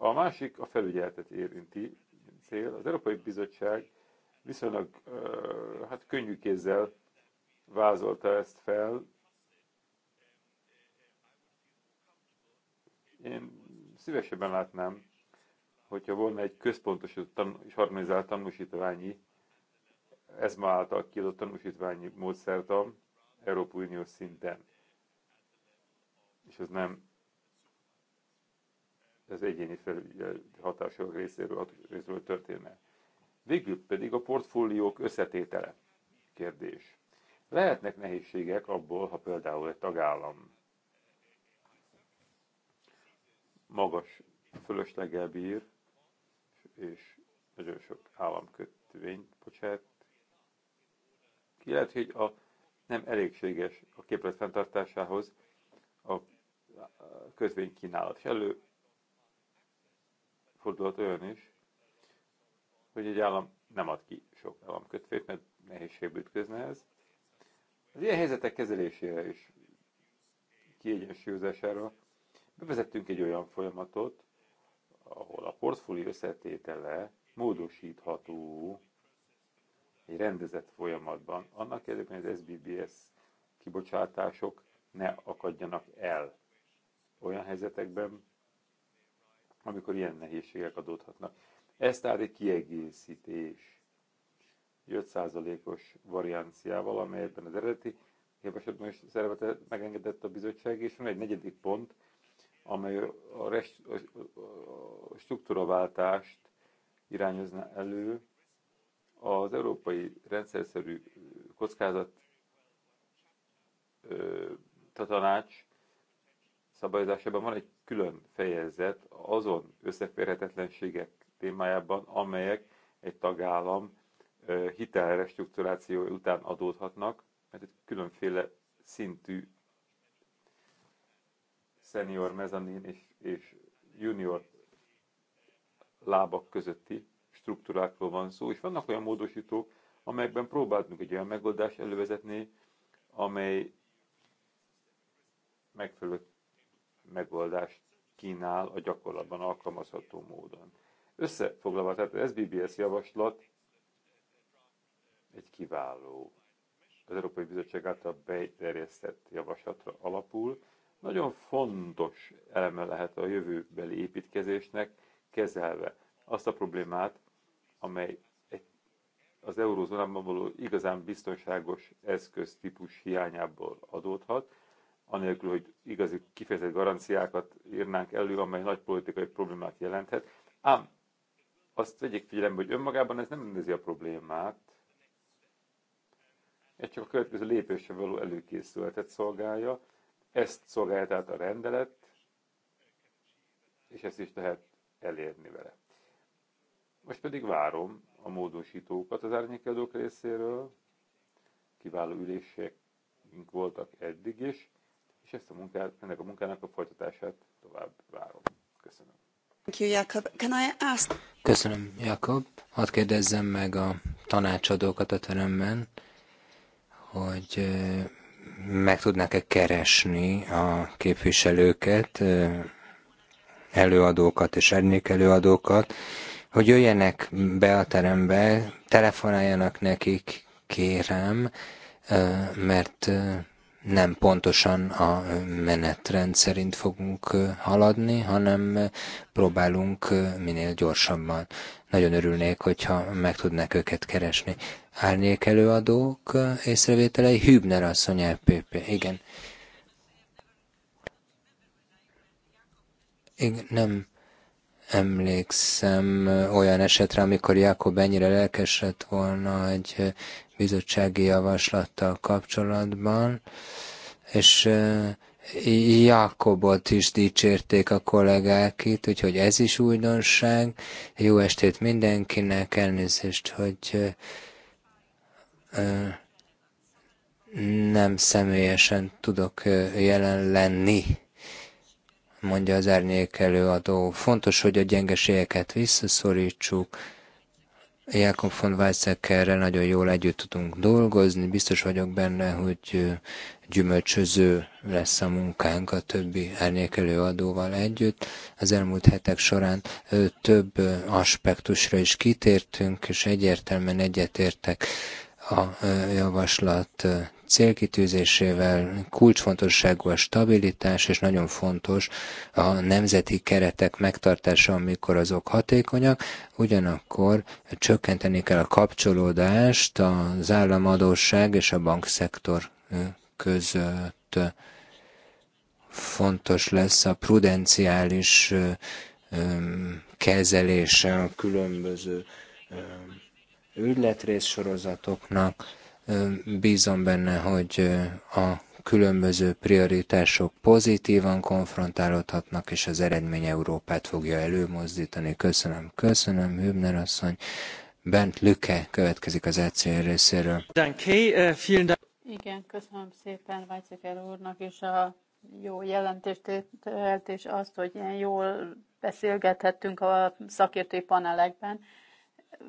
A másik a felügyeletet érinti cél. Az Európai Bizottság viszonylag hát könnyű kézzel vázolta ezt fel. Én szívesebben látnám, hogyha volna egy központosított és harmonizált tanúsítványi, ez ma által kiadott tanúsítványi módszertan Európai Unió szinten. És ez nem az egyéni hatások részéről, részéről történne. Végül pedig a portfóliók összetétele kérdés. Lehetnek nehézségek abból, ha például egy tagállam magas fölösleggel bír, és nagyon sok államkötvényt bocsát ki. Lehet, hogy a, nem elégséges a képlet fenntartásához a kínálat. És elő fordulhat olyan is, hogy egy állam nem ad ki sok államkötvét, mert nehézség ütközne ez. Az ilyen helyzetek kezelésére és kiegyensúlyozására bevezettünk egy olyan folyamatot, ahol a portfólió összetétele módosítható egy rendezett folyamatban, annak érdekében, hogy az SBBS kibocsátások ne akadjanak el olyan helyzetekben, amikor ilyen nehézségek adódhatnak. Ez tehát egy kiegészítés 5%-os varianciával, amelyben az eredeti javaslatban is szervetet megengedett a bizottság, és van egy negyedik pont, amely a, rest, a, a struktúraváltást irányozna elő az európai rendszerszerű kockázat ö, tanács szabályozásában van egy külön fejezet azon összeférhetetlenségek témájában, amelyek egy tagállam hitelrestrukturáció után adódhatnak, mert itt különféle szintű senior, mezanin és, és junior lábak közötti struktúrákról van szó, és vannak olyan módosítók, amelyekben próbáltunk egy olyan megoldást elővezetni, amely megfelelő megoldást kínál a gyakorlatban alkalmazható módon. Összefoglalva, tehát az SBBS javaslat egy kiváló, az Európai Bizottság által beterjesztett javaslatra alapul. Nagyon fontos eleme lehet a jövőbeli építkezésnek, kezelve azt a problémát, amely az eurózónában való igazán biztonságos eszköztípus hiányából adódhat, anélkül, hogy igazi kifejezett garanciákat írnánk elő, amely nagy politikai problémát jelenthet. Ám azt vegyék figyelembe, hogy önmagában ez nem rendezi a problémát, ez csak a következő lépésre való előkészületet szolgálja, ezt szolgálja tehát a rendelet, és ezt is lehet elérni vele. Most pedig várom a módosítókat az árnyékadók részéről, kiváló ülések voltak eddig is, és ezt a munkát, ennek a munkának a folytatását tovább várom. Köszönöm. Thank you, Jakob. Can I ask... Köszönöm, Jakob. Hadd kérdezzem meg a tanácsadókat a teremben, hogy meg tudnak-e keresni a képviselőket, előadókat és előadókat, hogy jöjjenek be a terembe, telefonáljanak nekik, kérem, mert nem pontosan a menetrend szerint fogunk haladni, hanem próbálunk minél gyorsabban. Nagyon örülnék, hogyha meg tudnák őket keresni. Árnyék előadók észrevételei, Hübner asszony LPP, igen. Én nem emlékszem olyan esetre, amikor Jakob ennyire lelkesett volna egy bizottsági javaslattal kapcsolatban, és eh, Jakobot is dicsérték a kollégák itt, úgyhogy ez is újdonság. Jó estét mindenkinek, elnézést, hogy eh, eh, nem személyesen tudok jelen lenni, mondja az árnyékelő adó. Fontos, hogy a gyengeségeket visszaszorítsuk, Jakob von Weizsäckerrel nagyon jól együtt tudunk dolgozni, biztos vagyok benne, hogy gyümölcsöző lesz a munkánk a többi árnyékelő adóval együtt. Az elmúlt hetek során több aspektusra is kitértünk, és egyértelműen egyetértek a javaslat célkitűzésével kulcsfontosságú a stabilitás, és nagyon fontos a nemzeti keretek megtartása, amikor azok hatékonyak, ugyanakkor csökkenteni kell a kapcsolódást az államadóság és a bankszektor között. Fontos lesz a prudenciális kezelése a különböző ügyletrészsorozatoknak Bízom benne, hogy a különböző prioritások pozitívan konfrontálódhatnak, és az eredmény Európát fogja előmozdítani. Köszönöm, köszönöm, Hübner asszony. Bent Lüke következik az ECR részéről. Igen, köszönöm szépen Vájceker úrnak és a jó jelentést és azt, hogy ilyen jól beszélgethettünk a szakértői panelekben,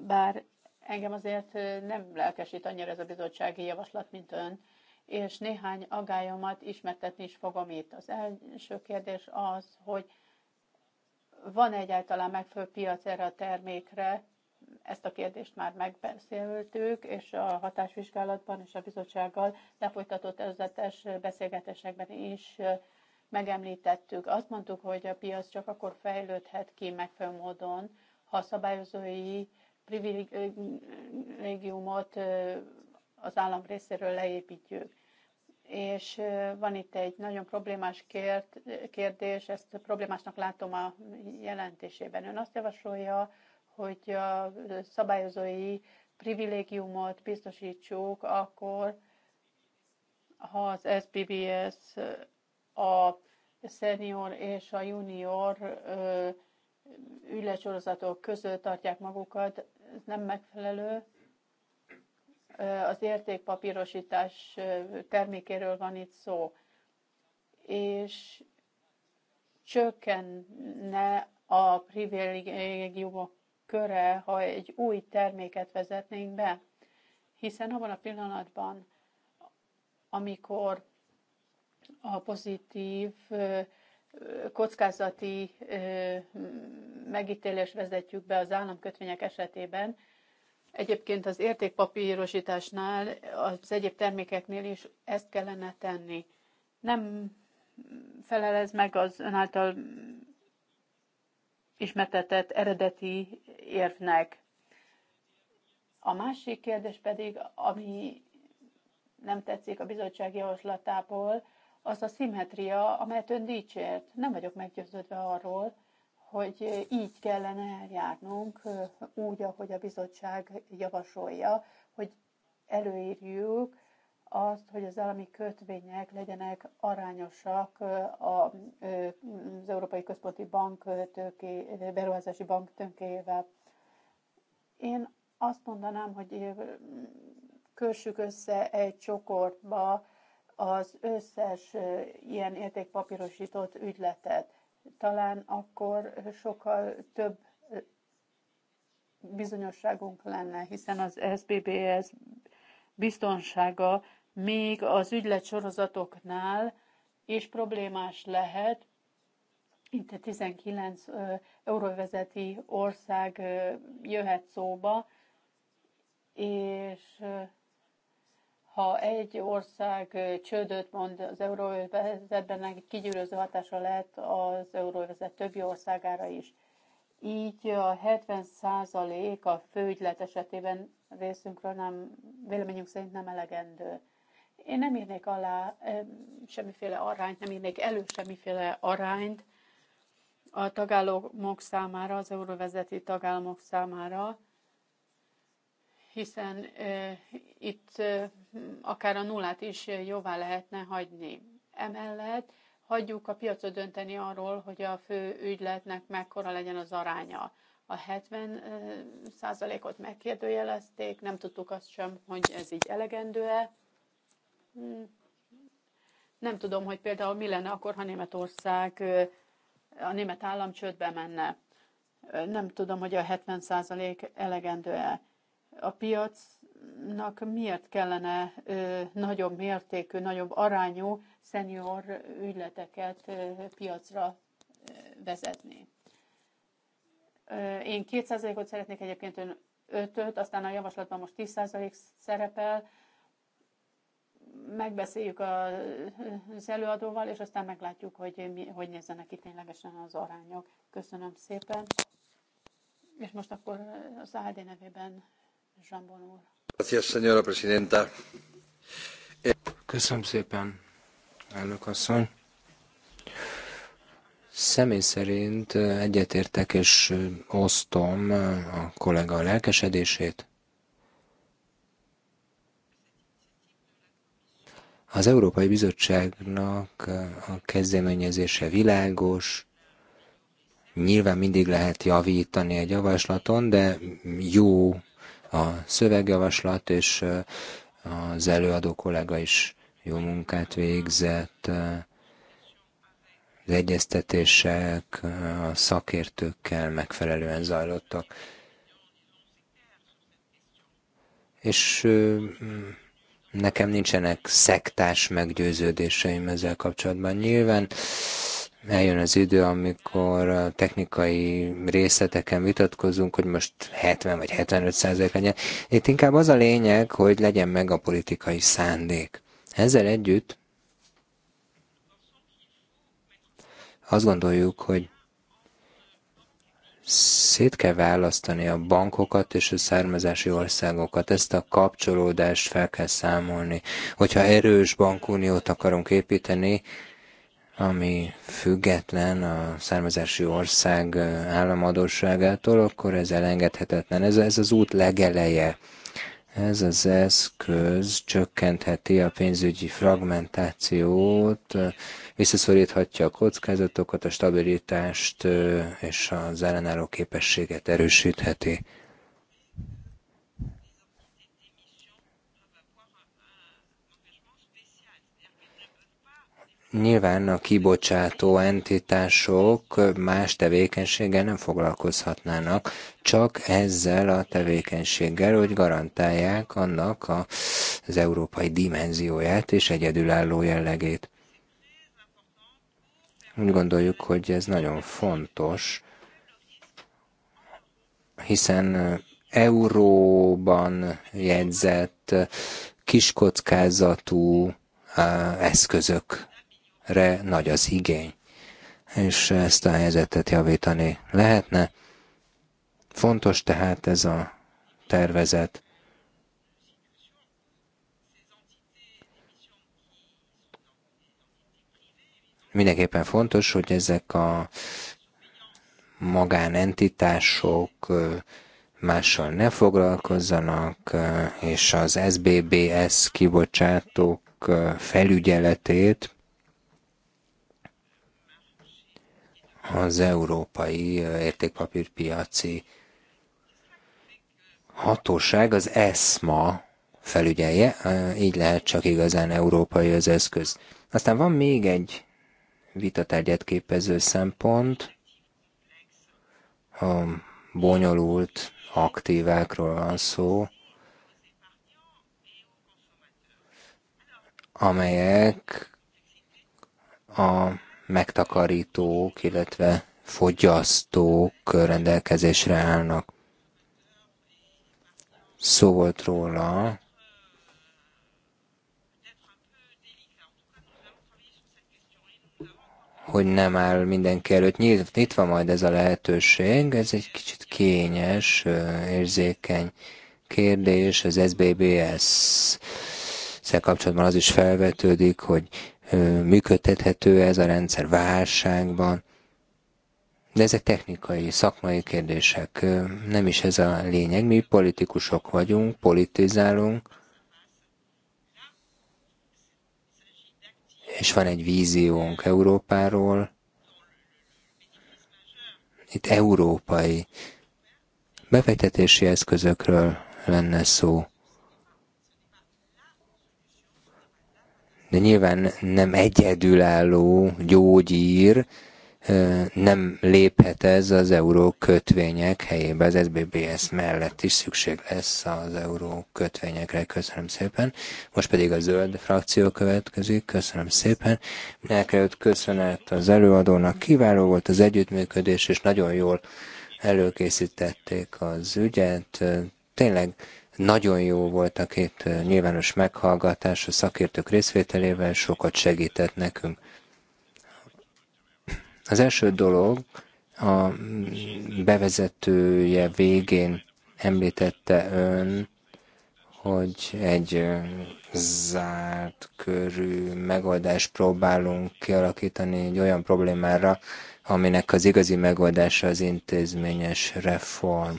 bár Engem azért nem lelkesít annyira ez a bizottsági javaslat, mint ön, és néhány agályomat ismertetni is fogom itt. Az első kérdés az, hogy van egyáltalán megfelelő piac erre a termékre, ezt a kérdést már megbeszéltük, és a hatásvizsgálatban és a bizottsággal lefolytatott előzetes beszélgetésekben is megemlítettük. Azt mondtuk, hogy a piac csak akkor fejlődhet ki megfelelő módon, ha a szabályozói privilégiumot az állam részéről leépítjük. És van itt egy nagyon problémás kért, kérdés, ezt problémásnak látom a jelentésében. Ön azt javasolja, hogy a szabályozói privilégiumot biztosítsuk, akkor ha az SBBS a senior és a junior üléssorozatok között tartják magukat, ez nem megfelelő. Az értékpapírosítás termékéről van itt szó, és csökkenne a privilégiumok köre, ha egy új terméket vezetnénk be. Hiszen abban a pillanatban, amikor a pozitív kockázati megítélést vezetjük be az államkötvények esetében. Egyébként az értékpapírosításnál, az egyéb termékeknél is ezt kellene tenni. Nem felelez meg az ön által ismertetett eredeti érvnek. A másik kérdés pedig, ami nem tetszik a bizottság javaslatából, az a szimmetria, amelyet ön dicsért. Nem vagyok meggyőződve arról, hogy így kellene eljárnunk, úgy, ahogy a bizottság javasolja, hogy előírjuk azt, hogy az állami kötvények legyenek arányosak az Európai Központi Bank tőké, beruházási bank tönkével. Én azt mondanám, hogy kössük össze egy csoportba az összes ilyen értékpapírosított ügyletet. Talán akkor sokkal több bizonyosságunk lenne, hiszen az SBBS biztonsága még az ügyletsorozatoknál is problémás lehet. Itt 19 euróvezeti ország jöhet szóba, és ha egy ország csődöt mond az euróvezetben, ennek kigyűröző hatása lehet az euróvezet többi országára is. Így a 70% a főügylet esetében részünkről nem, véleményünk szerint nem elegendő. Én nem írnék alá semmiféle arányt, nem írnék elő semmiféle arányt a tagállamok számára, az euróvezeti tagállamok számára, hiszen e, itt e, akár a nullát is jóvá lehetne hagyni. Emellett hagyjuk a piacot dönteni arról, hogy a fő ügyletnek mekkora legyen az aránya. A 70 százalékot megkérdőjelezték, nem tudtuk azt sem, hogy ez így elegendő-e. Hmm. Nem tudom, hogy például mi lenne akkor, ha Németország, a német állam csődbe menne. Nem tudom, hogy a 70 százalék elegendő-e a piacnak miért kellene nagyobb mértékű, nagyobb arányú szenior ügyleteket piacra vezetni. Én 2%-ot szeretnék egyébként ön 5 aztán a javaslatban most 10% szerepel. Megbeszéljük az előadóval, és aztán meglátjuk, hogy mi, hogy nézzenek itt ténylegesen az arányok. Köszönöm szépen. És most akkor az AD nevében Eh, Köszönöm szépen, elnök asszony. Személy szerint eh, egyetértek és eh, osztom a kollega lelkesedését. Az Európai Bizottságnak a kezdeményezése világos, nyilván mindig lehet javítani egy javaslaton, de jó a szövegjavaslat, és az előadó kollega is jó munkát végzett, az egyeztetések a szakértőkkel megfelelően zajlottak. És nekem nincsenek szektás meggyőződéseim ezzel kapcsolatban. Nyilván eljön az idő, amikor a technikai részleteken vitatkozunk, hogy most 70 vagy 75 százalék legyen. Itt inkább az a lényeg, hogy legyen meg a politikai szándék. Ezzel együtt azt gondoljuk, hogy szét kell választani a bankokat és a származási országokat. Ezt a kapcsolódást fel kell számolni. Hogyha erős bankuniót akarunk építeni, ami független a származási ország államadóságától, akkor ez elengedhetetlen. Ez, ez az út legeleje. Ez az eszköz csökkentheti a pénzügyi fragmentációt, visszaszoríthatja a kockázatokat, a stabilitást és az ellenálló képességet erősítheti. Nyilván a kibocsátó entitások más tevékenységgel nem foglalkozhatnának, csak ezzel a tevékenységgel, hogy garantálják annak a, az európai dimenzióját és egyedülálló jellegét. Úgy gondoljuk, hogy ez nagyon fontos, hiszen euróban jegyzett, kiskockázatú eszközök re nagy az igény. És ezt a helyzetet javítani lehetne. Fontos tehát ez a tervezet. Mindenképpen fontos, hogy ezek a magánentitások mással ne foglalkozzanak, és az SBBS kibocsátók felügyeletét az európai értékpapírpiaci hatóság, az ESMA felügyelje, így lehet csak igazán európai az eszköz. Aztán van még egy vitatárgyat képező szempont, a bonyolult aktívákról van szó, amelyek a megtakarítók, illetve fogyasztók rendelkezésre állnak. Szó volt róla, hogy nem áll mindenki előtt nyitva majd ez a lehetőség, ez egy kicsit kényes, érzékeny kérdés, az SBBS-szel kapcsolatban az is felvetődik, hogy működtethető ez a rendszer válságban, de ezek technikai, szakmai kérdések, nem is ez a lényeg. Mi politikusok vagyunk, politizálunk, és van egy víziónk Európáról, itt európai befektetési eszközökről lenne szó. de nyilván nem egyedülálló gyógyír, nem léphet ez az euró kötvények helyébe, az SBBS mellett is szükség lesz az euró kötvényekre. Köszönöm szépen. Most pedig a zöld frakció következik. Köszönöm szépen. Nekem köszönet az előadónak. Kiváló volt az együttműködés, és nagyon jól előkészítették az ügyet. Tényleg nagyon jó volt a két nyilvános meghallgatás a szakértők részvételével, sokat segített nekünk. Az első dolog a mm, bevezetője végén említette ön, hogy egy zárt körű megoldást próbálunk kialakítani egy olyan problémára, aminek az igazi megoldása az intézményes reform.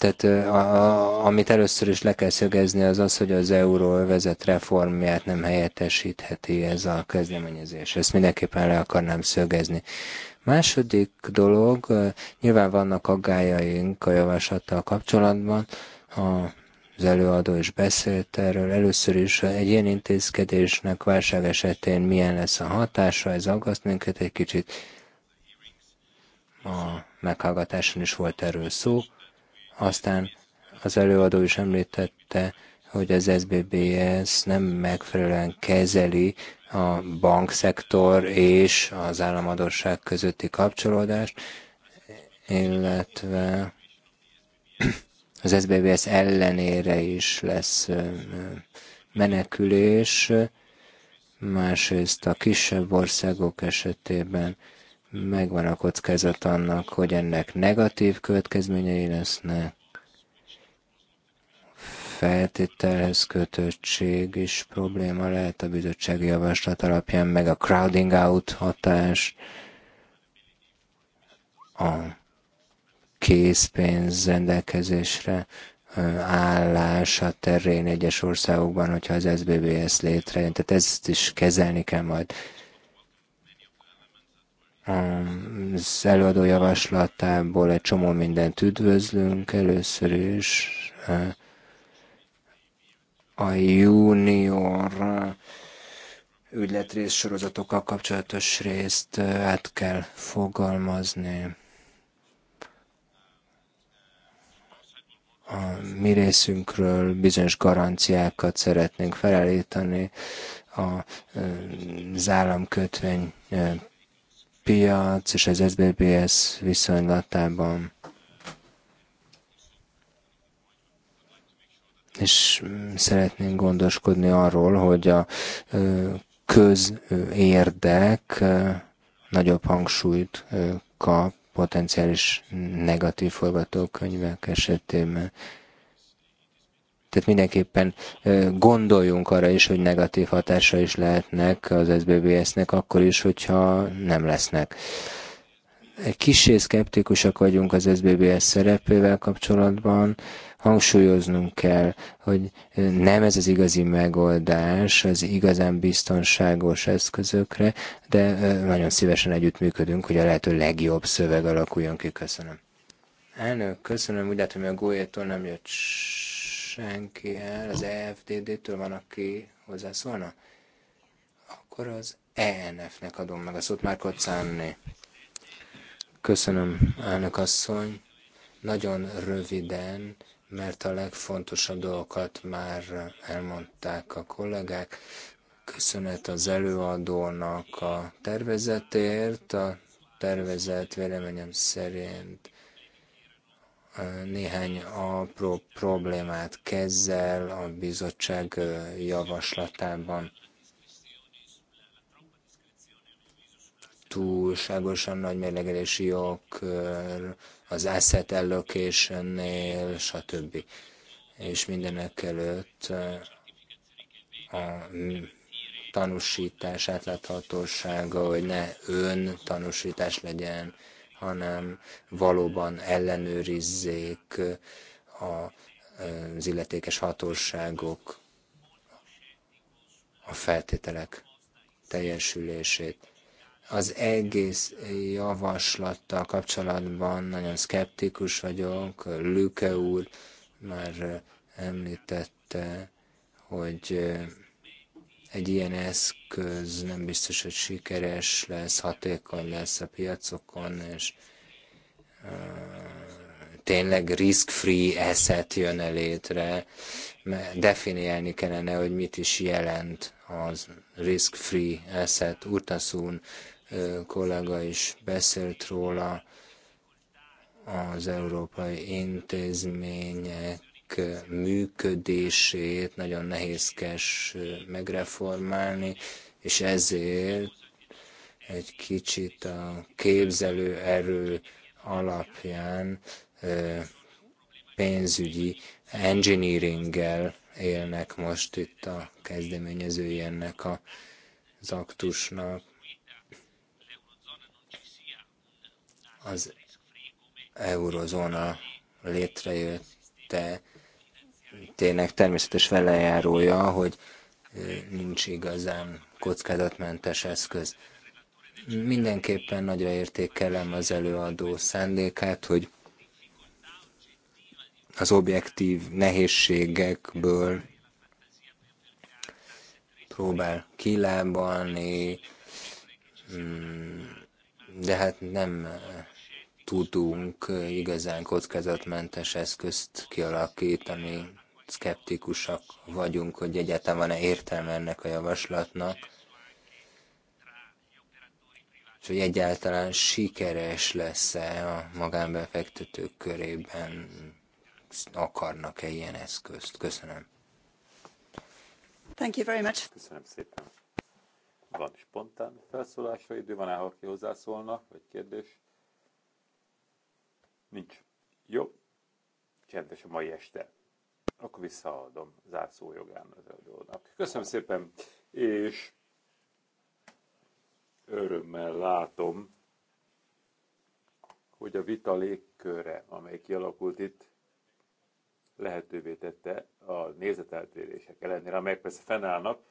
Tehát a, a, amit először is le kell szögezni, az az, hogy az euróvezet reformját nem helyettesítheti ez a kezdeményezés. Ezt mindenképpen le akarnám szögezni. Második dolog, nyilván vannak aggájaink a javaslattal kapcsolatban, a az előadó is beszélt erről. Először is egy ilyen intézkedésnek válság esetén milyen lesz a hatása, ez aggaszt minket egy kicsit. A meghallgatáson is volt erről szó. Aztán az előadó is említette, hogy az SBBS nem megfelelően kezeli a bankszektor és az államadóság közötti kapcsolódást, illetve az SBBS ellenére is lesz menekülés, másrészt a kisebb országok esetében megvan a kockázat annak, hogy ennek negatív következményei lesznek, feltételhez kötöttség is probléma lehet a bizottsági javaslat alapján, meg a crowding out hatás, a készpénz rendelkezésre állása terén egyes országokban, hogyha az SBBS létrejön. Tehát ezt is kezelni kell majd az előadó javaslatából egy csomó mindent üdvözlünk először is. A junior ügyletrész sorozatokkal kapcsolatos részt át kell fogalmazni. A mi részünkről bizonyos garanciákat szeretnénk felállítani a az államkötvény piac és az SBBS viszonylatában. És mm, szeretnénk gondoskodni arról, hogy a közérdek nagyobb hangsúlyt kap potenciális negatív forgatókönyvek esetében. Tehát mindenképpen gondoljunk arra is, hogy negatív hatása is lehetnek az SBBS-nek, akkor is, hogyha nem lesznek. Egy kissé szkeptikusak vagyunk az SBBS szerepével kapcsolatban, hangsúlyoznunk kell, hogy nem ez az igazi megoldás az igazán biztonságos eszközökre, de nagyon szívesen együttműködünk, hogy a lehető legjobb szöveg alakuljon ki. Köszönöm. Elnök, köszönöm. Úgy látom, hogy a Gólyétól nem jött senki el, az EFDD-től van, aki hozzászólna? Akkor az ENF-nek adom meg a szót, már Kocánné. Köszönöm, elnök asszony. Nagyon röviden, mert a legfontosabb dolgokat már elmondták a kollégák. Köszönet az előadónak a tervezetért, a tervezet véleményem szerint néhány apró problémát kezel a bizottság javaslatában. Túlságosan nagy mérlegelési jog az asset allocation-nél, stb. És mindenek előtt a tanúsítás átláthatósága, hogy ne ön tanúsítás legyen, hanem valóban ellenőrizzék a, az illetékes hatóságok a feltételek teljesülését. Az egész javaslattal kapcsolatban nagyon szkeptikus vagyok. Lüke úr már eh, említette, hogy eh, egy ilyen eszköz nem biztos, hogy sikeres lesz, hatékony lesz a piacokon, és tényleg risk-free asset jön elétre, mert definiálni kellene, hogy mit is jelent az risk-free asset. Urtaszún kollega is beszélt róla, az európai intézmények Eh, működését nagyon nehézkes eh, megreformálni, és ezért egy kicsit a képzelő erő alapján eh, pénzügyi engineeringgel élnek most itt a kezdeményezői ennek a, az aktusnak. Az eurozóna létrejötte tényleg természetes velejárója, hogy nincs igazán kockázatmentes eszköz. Mindenképpen nagyra értékelem az előadó szándékát, hogy az objektív nehézségekből próbál kilábalni, mm, de hát nem tudunk igazán kockázatmentes eszközt kialakítani szkeptikusak vagyunk, hogy egyáltalán van-e értelme ennek a javaslatnak, és hogy egyáltalán sikeres lesz-e a magánbefektetők körében, akarnak-e ilyen eszközt. Köszönöm. Thank you very much. Köszönöm szépen. Van spontán felszólásra idő, van-e, ha ki hozzászólna, vagy kérdés? Nincs. Jó. Csendes a mai este. Akkor visszaadom zárszó jogán az előadónak. Köszönöm szépen, és örömmel látom, hogy a vita légköre, amely kialakult itt, lehetővé tette a nézeteltérések ellenére, amelyek persze fennállnak,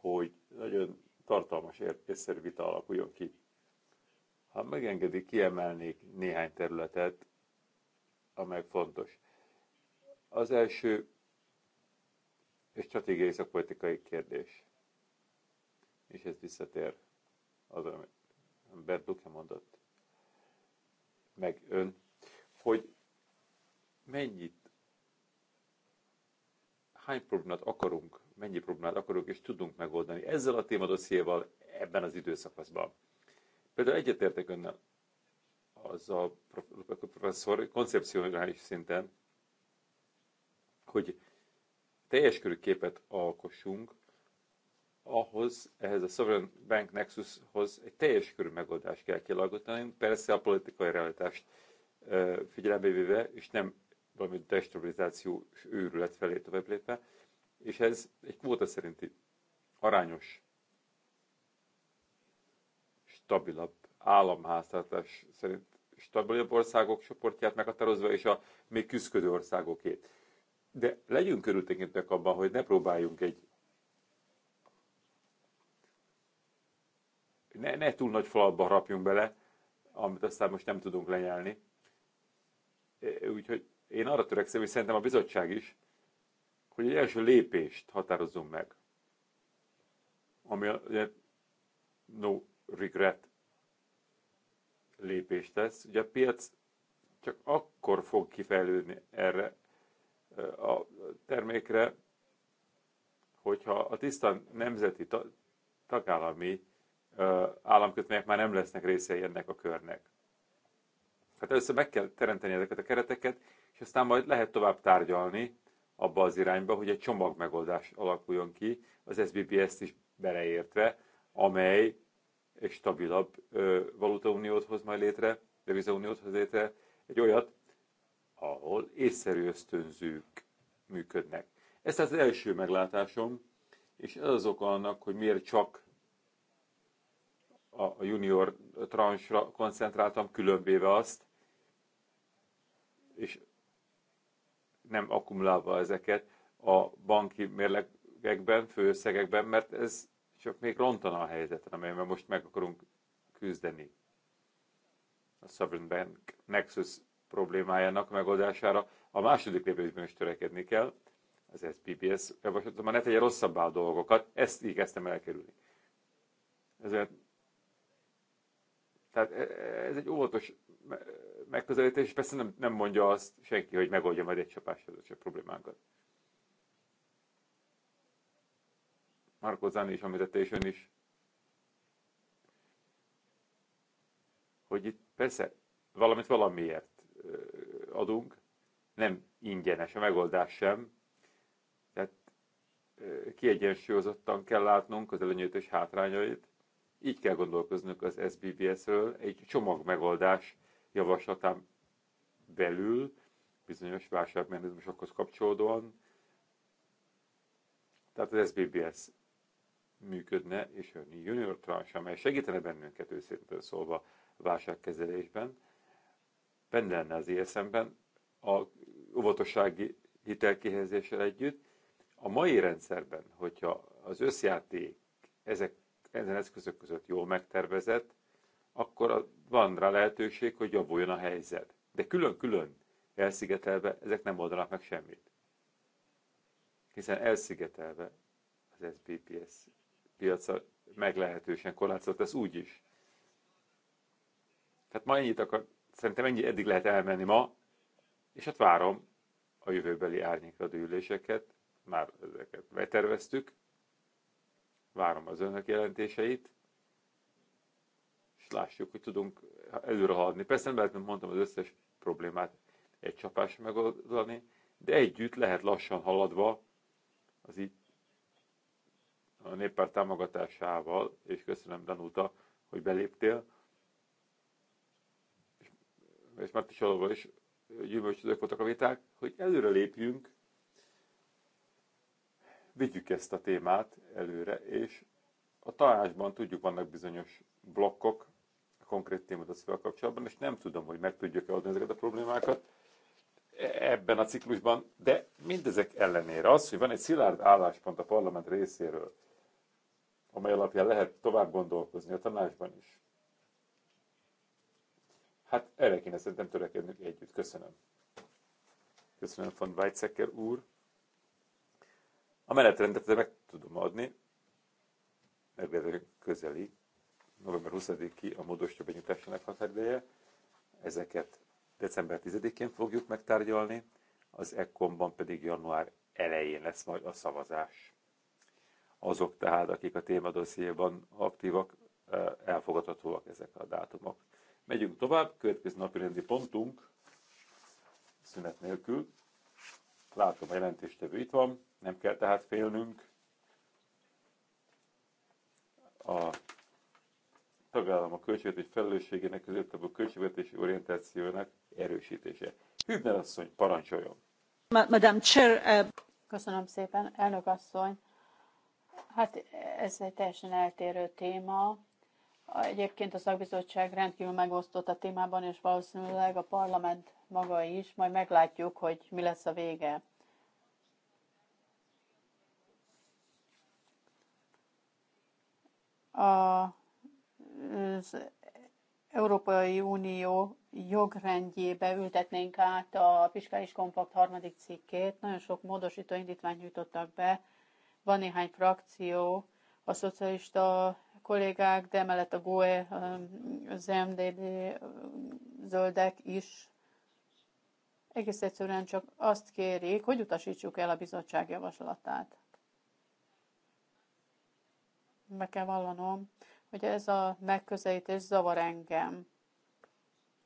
hogy nagyon tartalmas észszerű vita alakuljon ki. Ha megengedik, kiemelnék néhány területet, amely fontos. Az első stratégiai politikai kérdés. És ez visszatér az, amit Bert Duke mondott, meg ön, hogy mennyit, hány problémát akarunk, mennyi problémát akarunk és tudunk megoldani ezzel a témadosszéval ebben az időszakaszban. Például egyetértek önnel az a professzor koncepcionális szinten, hogy teljes körű képet alkossunk, ahhoz, ehhez a Sovereign Bank Nexushoz egy teljes körű megoldást kell kialakítani, persze a politikai realitást figyelembe véve, és nem valami destabilizációs őrület felé tovább lépve, és ez egy kvóta szerinti arányos, stabilabb államháztartás szerint stabilabb országok csoportját meghatározva, és a még küzdködő országokét de legyünk körültekintőek abban, hogy ne próbáljunk egy ne, ne túl nagy falba harapjunk bele, amit aztán most nem tudunk lenyelni. Úgyhogy én arra törekszem, és szerintem a bizottság is, hogy egy első lépést határozzunk meg, ami a no regret lépést tesz. Ugye a piac csak akkor fog kifejlődni erre, a termékre, hogyha a tiszta nemzeti tagállami államkötvények már nem lesznek részei ennek a körnek. Hát először meg kell teremteni ezeket a kereteket, és aztán majd lehet tovább tárgyalni abba az irányba, hogy egy csomag megoldás alakuljon ki, az SBPS-t is beleértve, amely egy stabilabb valutauniót hoz majd létre, devizauniót hoz létre, egy olyat, ahol észszerű ösztönzők működnek. Ez tehát az első meglátásom, és ez az oka annak, hogy miért csak a junior transra koncentráltam, különbéve azt, és nem akkumulálva ezeket a banki mérlegekben, főösszegekben, mert ez csak még rontana a helyzetet, amelyben most meg akarunk küzdeni. A Sovereign Bank Nexus problémájának megoldására a második lépésben is törekedni kell, az SPPS javaslatom, ne tegye rosszabbá a dolgokat, ezt igyekeztem elkerülni. Ezért, tehát e- e- ez egy óvatos megközelítés, persze nem, nem mondja azt senki, hogy megoldja majd egy az a problémánkat. Marco Zani is említette, és is, hogy itt persze valamit valamiért adunk, nem ingyenes a megoldás sem, tehát kiegyensúlyozottan kell látnunk az előnyöt és hátrányait, így kell gondolkoznunk az SBBS-ről, egy csomag megoldás javaslatán belül, bizonyos válságmechanizmusokhoz kapcsolódóan, tehát az SBBS működne, és a Junior Tranche, amely segítene bennünket őszintén szólva válságkezelésben, benne lenne az ESM-ben, a óvatossági hitelkihelyezéssel együtt. A mai rendszerben, hogyha az összjáték ezek, ezen eszközök között jól megtervezett, akkor van rá lehetőség, hogy javuljon a helyzet. De külön-külön elszigetelve ezek nem oldanak meg semmit. Hiszen elszigetelve az SBPS piaca meglehetősen korlátozott, ez úgy is. Tehát ma ennyit akar, Szerintem ennyi eddig lehet elmenni ma, és hát várom a jövőbeli árnyékra üléseket, már ezeket beterveztük, várom az önök jelentéseit, és lássuk, hogy tudunk előre haladni. Persze nem lehet, mondtam, az összes problémát egy csapás megoldani, de együtt lehet lassan haladva az így a néppárt támogatásával, és köszönöm Danuta, hogy beléptél, és Martisalóval is gyümölcsözők voltak a viták, hogy előre lépjünk, vigyük ezt a témát előre, és a tanácsban tudjuk, vannak bizonyos blokkok, konkrét témadacával kapcsolatban, és nem tudom, hogy meg tudjuk-e adni ezeket a problémákat e, ebben a ciklusban, de mindezek ellenére az, hogy van egy szilárd álláspont a parlament részéről, amely alapján lehet tovább gondolkozni a tanácsban is, Hát erre kéne szerintem törekednünk együtt. Köszönöm. Köszönöm von Weizsäcker úr. A menetrendet meg tudom adni. Meglehetően közeli. November 20-i a módosító benyújtásának határideje. Ezeket december 10-én fogjuk megtárgyalni, az ECOM-ban pedig január elején lesz majd a szavazás. Azok tehát, akik a témadosszéban aktívak, eh, elfogadhatóak ezek a dátumok. Megyünk tovább, következő napi rendi pontunk, szünet nélkül. Látom, a jelentéstevő itt van, nem kell tehát félnünk. A a költségvetés felelősségének, a költségvetési orientációnak erősítése. Hübner asszony, parancsoljon! Madame Chair, uh... Köszönöm szépen, elnök asszony. Hát ez egy teljesen eltérő téma. Egyébként a szakbizottság rendkívül megosztott a témában, és valószínűleg a parlament maga is, majd meglátjuk, hogy mi lesz a vége. az Európai Unió jogrendjébe ültetnénk át a Fiskális Kompakt harmadik cikkét. Nagyon sok módosító indítványt nyújtottak be. Van néhány frakció, a szocialista kollégák, de emellett a GOE, um, az MDD um, zöldek is egész egyszerűen csak azt kérik, hogy utasítsuk el a bizottság javaslatát. Meg kell vallanom, hogy ez a megközelítés zavar engem,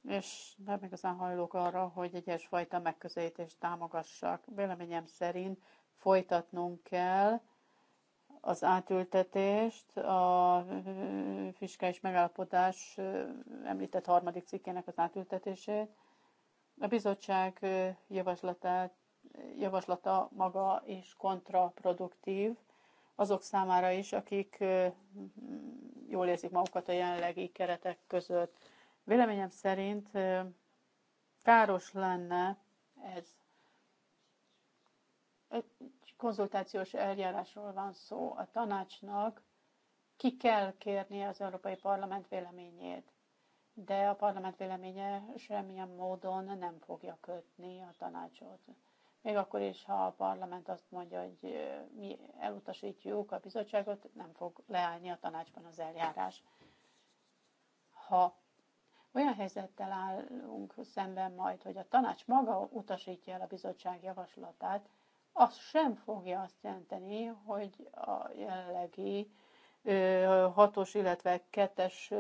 és nem igazán hajlok arra, hogy egyesfajta megközelítést támogassak. Véleményem szerint folytatnunk kell, az átültetést a fiskális megállapodás említett harmadik cikkének az átültetését. A bizottság javaslatát, javaslata maga is kontraproduktív azok számára is, akik jól érzik magukat a jelenlegi keretek között. Véleményem szerint káros lenne ez konzultációs eljárásról van szó. A tanácsnak ki kell kérni az Európai Parlament véleményét, de a parlament véleménye semmilyen módon nem fogja kötni a tanácsot. Még akkor is, ha a parlament azt mondja, hogy mi elutasítjuk a bizottságot, nem fog leállni a tanácsban az eljárás. Ha olyan helyzettel állunk szemben majd, hogy a tanács maga utasítja el a bizottság javaslatát, az sem fogja azt jelenteni, hogy a jelenlegi hatos, illetve kettes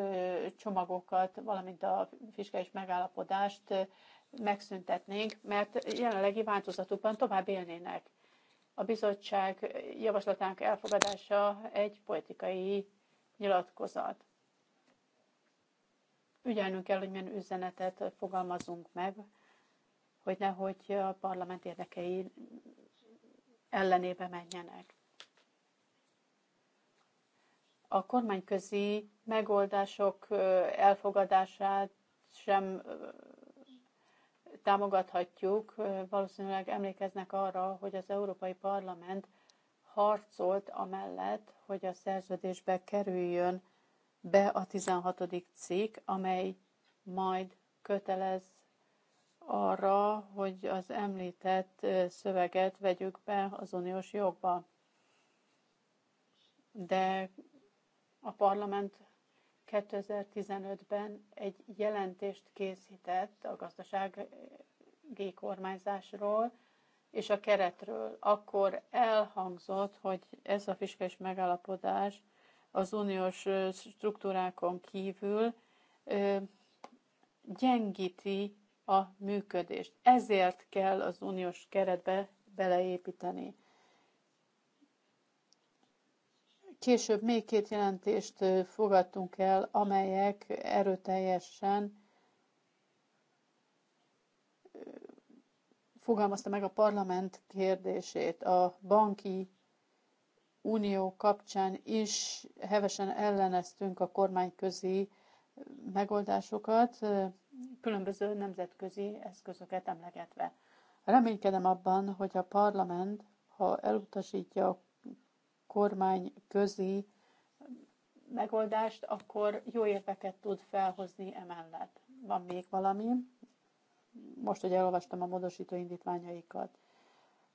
csomagokat, valamint a fiskális megállapodást megszüntetnénk, mert jelenlegi változatukban tovább élnének. A bizottság javaslatának elfogadása egy politikai nyilatkozat. Ügyelnünk kell, hogy milyen üzenetet fogalmazunk meg, hogy nehogy a parlament érdekei ellenébe menjenek. A kormányközi megoldások elfogadását sem támogathatjuk. Valószínűleg emlékeznek arra, hogy az Európai Parlament harcolt amellett, hogy a szerződésbe kerüljön be a 16. cikk, amely majd kötelez arra, hogy az említett szöveget vegyük be az uniós jogba. De a parlament 2015-ben egy jelentést készített a gazdasági kormányzásról és a keretről. Akkor elhangzott, hogy ez a fiskális megállapodás az uniós struktúrákon kívül gyengíti a működést. Ezért kell az uniós keretbe beleépíteni. Később még két jelentést fogadtunk el, amelyek erőteljesen fogalmazta meg a parlament kérdését. A banki unió kapcsán is hevesen elleneztünk a kormányközi megoldásokat, különböző nemzetközi eszközöket emlegetve. Reménykedem abban, hogy a parlament, ha elutasítja a kormány közi megoldást, akkor jó érveket tud felhozni emellett. Van még valami? Most, hogy elolvastam a módosító indítványaikat.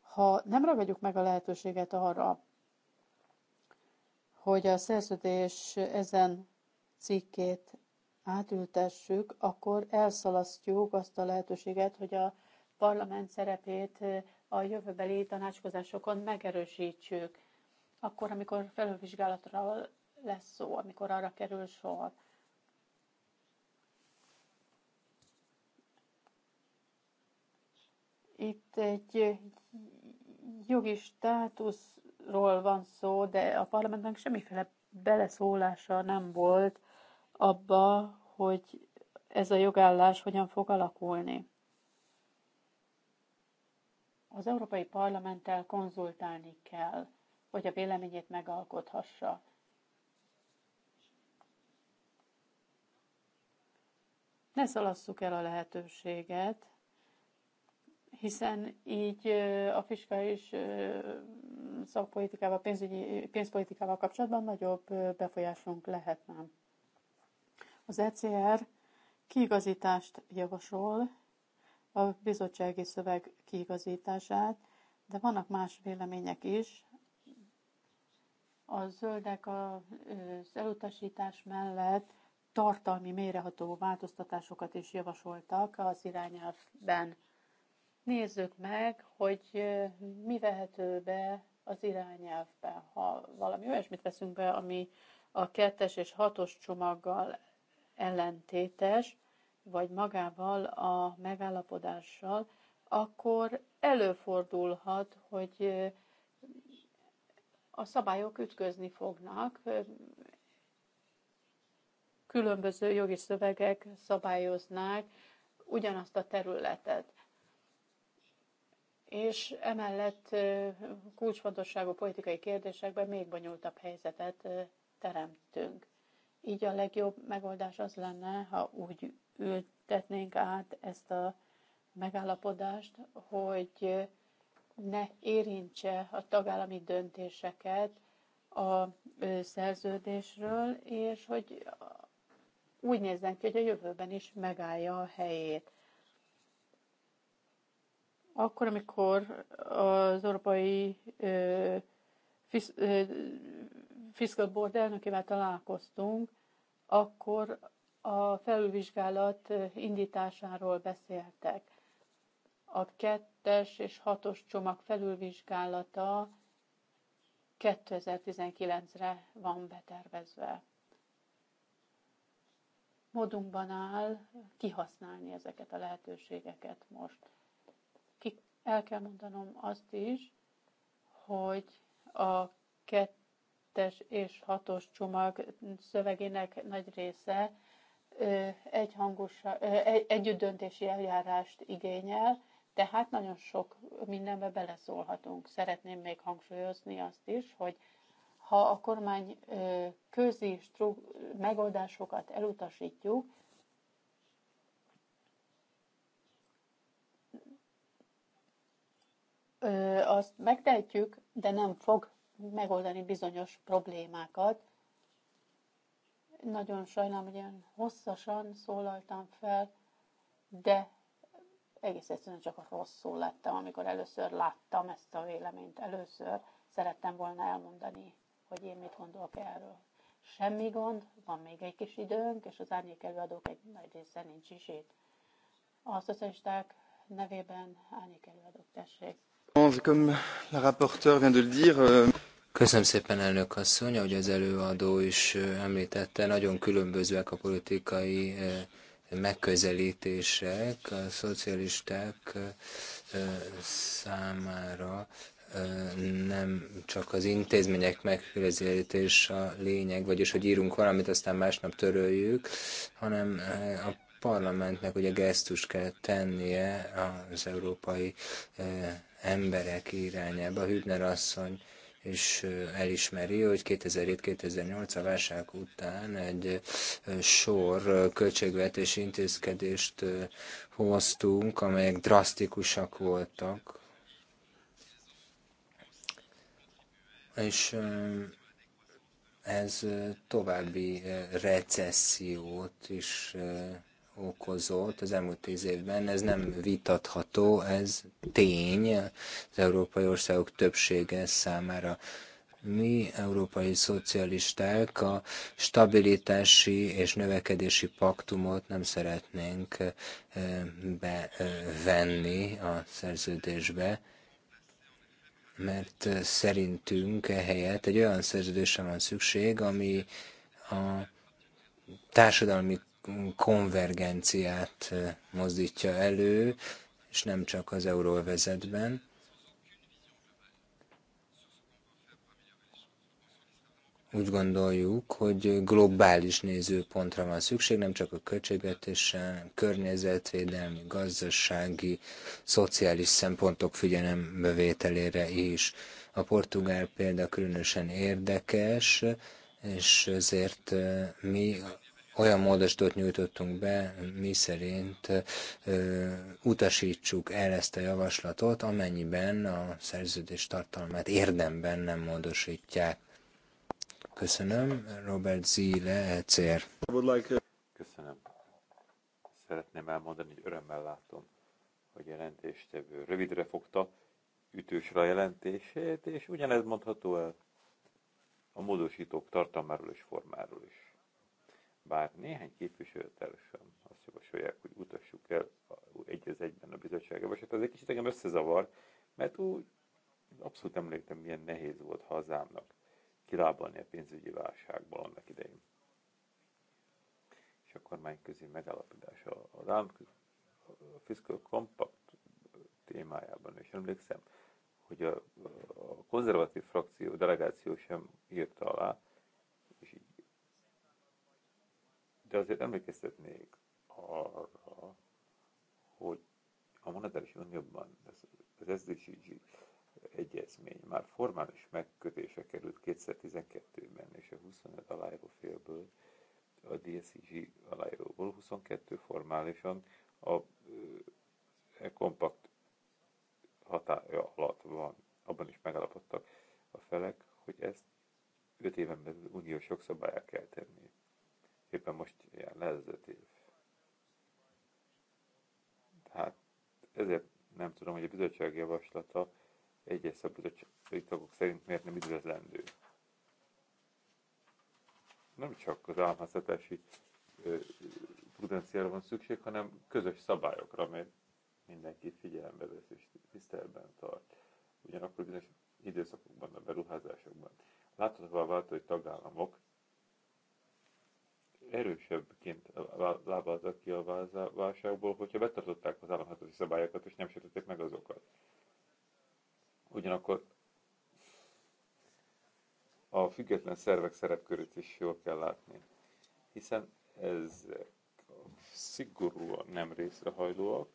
Ha nem ragadjuk meg a lehetőséget arra, hogy a szerződés ezen cikkét átültessük, akkor elszalasztjuk azt a lehetőséget, hogy a parlament szerepét a jövőbeli tanácskozásokon megerősítsük. Akkor, amikor felülvizsgálatra lesz szó, amikor arra kerül sor. Itt egy jogi státuszról van szó, de a parlamentnek semmiféle beleszólása nem volt abba, hogy ez a jogállás hogyan fog alakulni. Az Európai Parlamenttel konzultálni kell, hogy a véleményét megalkothassa. Ne szalasszuk el a lehetőséget, hiszen így a fiskális szakpolitikával, pénzügyi, pénzpolitikával kapcsolatban nagyobb befolyásunk lehetne. Az ECR kiigazítást javasol, a bizottsági szöveg kiigazítását, de vannak más vélemények is. A zöldek az elutasítás mellett tartalmi méreható változtatásokat is javasoltak az irányelvben. Nézzük meg, hogy mi vehető be az irányelvbe, ha valami olyasmit veszünk be, ami a kettes és hatos csomaggal ellentétes, vagy magával a megállapodással, akkor előfordulhat, hogy a szabályok ütközni fognak, különböző jogi szövegek szabályoznák ugyanazt a területet. És emellett kulcsfontosságú politikai kérdésekben még bonyolultabb helyzetet teremtünk. Így a legjobb megoldás az lenne, ha úgy ültetnénk át ezt a megállapodást, hogy ne érintse a tagállami döntéseket a szerződésről, és hogy úgy nézzen ki, hogy a jövőben is megállja a helyét. Akkor, amikor az Európai Fiscal Board elnökével találkoztunk, akkor a felülvizsgálat indításáról beszéltek. A kettes és hatos csomag felülvizsgálata 2019-re van betervezve. Módunkban áll kihasználni ezeket a lehetőségeket most. el kell mondanom azt is, hogy a kettő kettes és hatos csomag szövegének nagy része egy együtt döntési eljárást igényel, tehát nagyon sok mindenbe beleszólhatunk. Szeretném még hangsúlyozni azt is, hogy ha a kormány közi megoldásokat elutasítjuk, azt megtehetjük, de nem fog megoldani bizonyos problémákat. Nagyon sajnálom, hogy ilyen hosszasan szólaltam fel, de egész egyszerűen csak rosszul lettem, amikor először láttam ezt a véleményt. Először szerettem volna elmondani, hogy én mit gondolok erről. Semmi gond, van még egy kis időnk, és az árnyék előadók egy nagy része nincs is itt. A szocialisták nevében árnyék előadók tessék. Comme la rapporteure vient de le dire, euh... Köszönöm szépen, elnök asszony, ahogy az előadó is említette, nagyon különbözőek a politikai megközelítések a szocialisták számára nem csak az intézmények megközelítés a lényeg, vagyis hogy írunk valamit, aztán másnap töröljük, hanem a parlamentnek ugye gesztus kell tennie az európai emberek irányába. Hübner asszony és elismeri, hogy 2007-2008 a válság után egy sor költségvetési intézkedést hoztunk, amelyek drasztikusak voltak, és ez további recessziót is okozott az elmúlt tíz évben, ez nem vitatható, ez tény az európai országok többsége számára. Mi, európai szocialisták, a stabilitási és növekedési paktumot nem szeretnénk bevenni a szerződésbe, mert szerintünk ehelyett egy olyan szerződésre van szükség, ami a társadalmi konvergenciát mozdítja elő, és nem csak az euróvezetben. Úgy gondoljuk, hogy globális nézőpontra van szükség, nem csak a költségvetéssel, környezetvédelmi, gazdasági, szociális szempontok figyelembevételére is. A portugál példa különösen érdekes, és ezért mi olyan módosítót nyújtottunk be, mi szerint ö, utasítsuk el ezt a javaslatot, amennyiben a szerződés tartalmát érdemben nem módosítják. Köszönöm. Robert Zile, ECR. Köszönöm. Szeretném elmondani, hogy örömmel látom, hogy jelentéstevő rövidre fogta ütősre a jelentését, és ugyanez mondható el a módosítók tartalmáról és formáról is bár néhány képviselőtel sem azt javasolják, hogy utassuk el egy az egyben a bizottságába, és hát az egy kicsit engem összezavar, mert úgy abszolút emlékszem, milyen nehéz volt hazámnak kilábalni a pénzügyi válságból annak idején. És a közé megállapodás a, a, a Fiscal Compact témájában, és emlékszem, hogy a, a konzervatív frakció delegáció sem írta alá, de azért emlékeztetnék arra, hogy a monetáris unióban az SDCG egyezmény már formális megkötése került 2012-ben, és a 25 aláíró félből a DSCG aláíróból 22 formálisan a e kompakt hatája alatt van. Abban is megállapodtak a felek, hogy ezt 5 éven belül uniós jogszabályá kell tenni éppen most jár le ez öt év. Tehát ezért nem tudom, hogy a bizottság javaslata egyes szabadsági tagok szerint miért nem üdvözlendő. Nem csak az államháztatási prudenciára van szükség, hanem közös szabályokra, amely mindenki figyelembe vesz és tiszteletben tart. Ugyanakkor bizonyos időszakokban, a beruházásokban. Láthatóvá vált, hogy tagállamok erősebbként lábaltak ki a válságból, hogyha betartották az államhatási szabályokat, és nem sértették meg azokat. Ugyanakkor a független szervek szerepkörét is jól kell látni, hiszen ezek szigorúan nem részrehajlóak,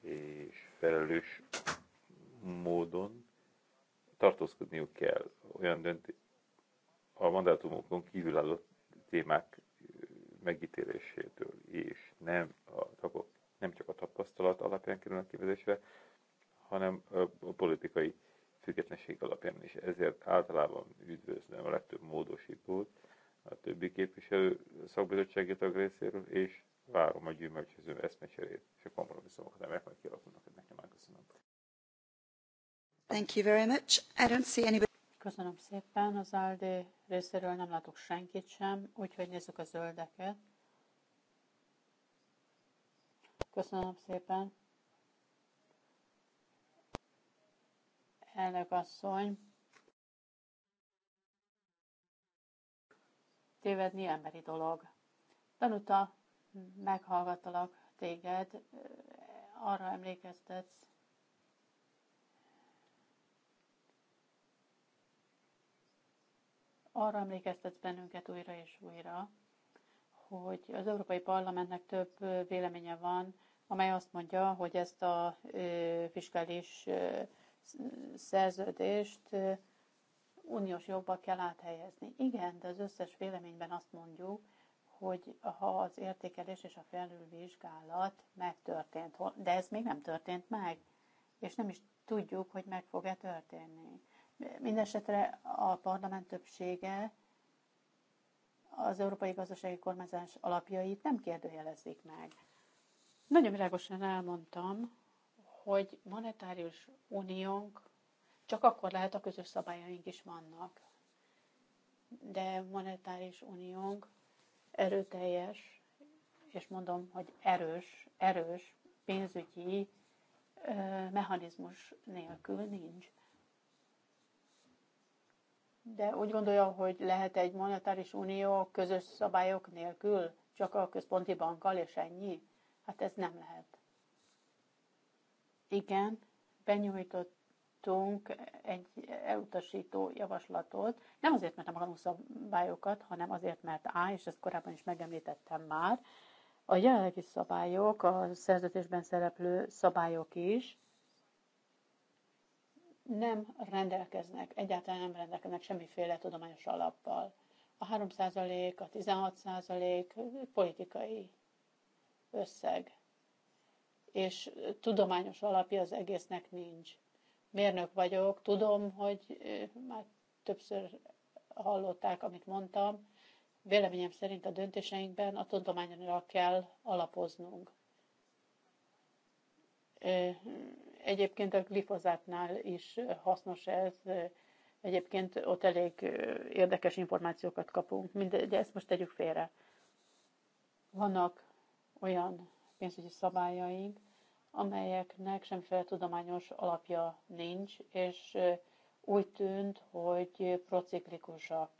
és felelős módon tartózkodniuk kell olyan döntés, a mandátumokon kívülálló témák megítélésétől és nem, a, nem csak a tapasztalat alapján kerülnek kivezésre, hanem a politikai függetlenség alapján is. Ezért általában üdvözlöm a legtöbb módosítót a többi képviselő szakbizottsági tag részéről, és várom a gyümölcsöző eszmecserét és a kompromisszumokat, amelyek majd kialakulnak. Nekem Köszönöm. Thank you very much. I don't see anybody... Köszönöm szépen. Az ALDE részéről nem látok senkit sem, úgyhogy nézzük a zöldeket. Köszönöm szépen. Elnök asszony. Tévedni emberi dolog. Tanuta, meghallgattalak téged, arra emlékeztetsz, arra emlékeztet bennünket újra és újra, hogy az Európai Parlamentnek több véleménye van, amely azt mondja, hogy ezt a fiskális szerződést uniós jobba kell áthelyezni. Igen, de az összes véleményben azt mondjuk, hogy ha az értékelés és a felülvizsgálat megtörtént, de ez még nem történt meg, és nem is tudjuk, hogy meg fog-e történni. Mindenesetre a parlament többsége az európai gazdasági kormányzás alapjait nem kérdőjelezik meg. Nagyon világosan elmondtam, hogy monetárius uniónk csak akkor lehet, a közös szabályaink is vannak. De monetáris uniónk erőteljes, és mondom, hogy erős, erős pénzügyi mechanizmus nélkül nincs de úgy gondolja, hogy lehet egy monetáris unió közös szabályok nélkül, csak a központi bankkal, és ennyi? Hát ez nem lehet. Igen, benyújtottunk egy elutasító javaslatot, nem azért, mert nem akarunk szabályokat, hanem azért, mert A, és ezt korábban is megemlítettem már, a jelenlegi szabályok, a szerződésben szereplő szabályok is nem rendelkeznek, egyáltalán nem rendelkeznek semmiféle tudományos alappal. A 3%, a 16% politikai összeg. És tudományos alapja az egésznek nincs. Mérnök vagyok, tudom, hogy már többször hallották, amit mondtam. Véleményem szerint a döntéseinkben a tudományra kell alapoznunk Egyébként a glifozátnál is hasznos ez, egyébként ott elég érdekes információkat kapunk, mindegy, de ezt most tegyük félre. Vannak olyan pénzügyi szabályaink, amelyeknek semmiféle tudományos alapja nincs, és úgy tűnt, hogy prociklikusak.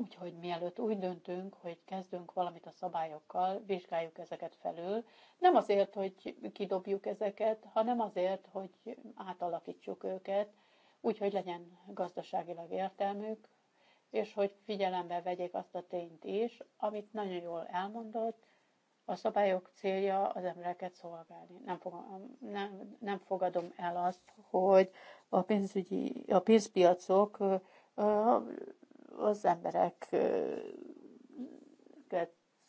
Úgyhogy mielőtt úgy döntünk, hogy kezdünk valamit a szabályokkal, vizsgáljuk ezeket felül. Nem azért, hogy kidobjuk ezeket, hanem azért, hogy átalakítsuk őket, úgyhogy legyen gazdaságilag értelmük, és hogy figyelembe vegyék azt a tényt is, amit nagyon jól elmondott, a szabályok célja az embereket szolgálni. Nem, fogom, nem, nem fogadom el azt, hogy a pénzügyi, a pénzpiacok az embereket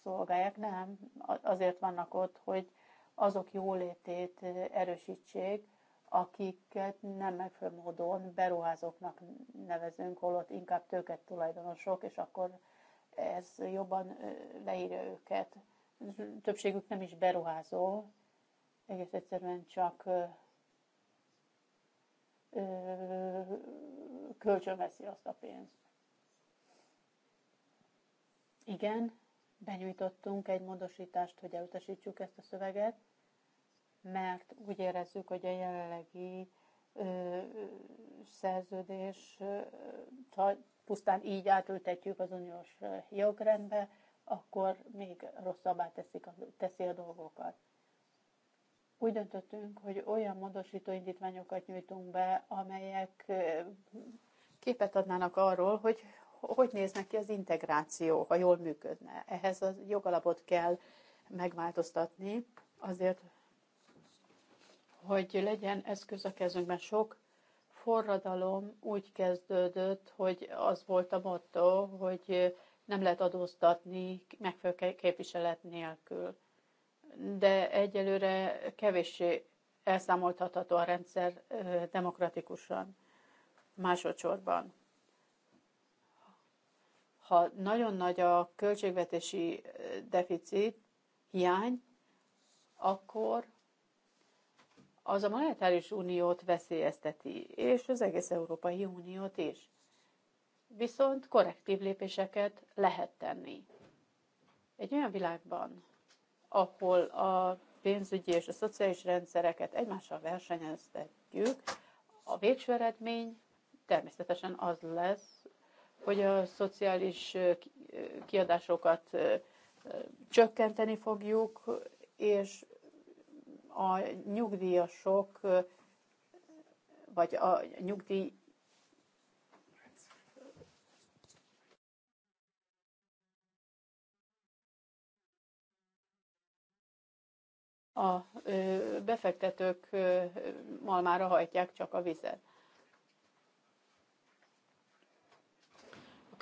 szolgálják, nem. Azért vannak ott, hogy azok jólétét erősítsék, akiket nem megfelelő módon beruházóknak nevezünk, holott inkább tőket tulajdonosok, és akkor ez jobban leírja őket. Többségük nem is beruházó, egész egyszerűen csak kölcsönveszi azt a pénzt. Igen, benyújtottunk egy módosítást, hogy elutasítsuk ezt a szöveget, mert úgy érezzük, hogy a jelenlegi ö, szerződés ha pusztán így átültetjük az uniós jogrendbe, akkor még rosszabbá teszik a, teszi a dolgokat. Úgy döntöttünk, hogy olyan módosító indítványokat nyújtunk be, amelyek képet adnának arról, hogy hogy néznek ki az integráció, ha jól működne. Ehhez a jogalapot kell megváltoztatni azért, hogy legyen eszköz a kezünkben. Sok forradalom úgy kezdődött, hogy az volt a motto, hogy nem lehet adóztatni megfelelő képviselet nélkül. De egyelőre kevéssé elszámoltatható a rendszer demokratikusan másodszorban ha nagyon nagy a költségvetési eh, deficit, hiány, akkor az a monetáris uniót veszélyezteti, és az egész Európai Uniót is. Viszont korrektív lépéseket lehet tenni. Egy olyan világban, ahol a pénzügyi és a szociális rendszereket egymással versenyeztetjük, a végső eredmény természetesen az lesz, hogy a szociális kiadásokat csökkenteni fogjuk, és a nyugdíjasok, vagy a nyugdíj a befektetők malmára hajtják csak a vizet.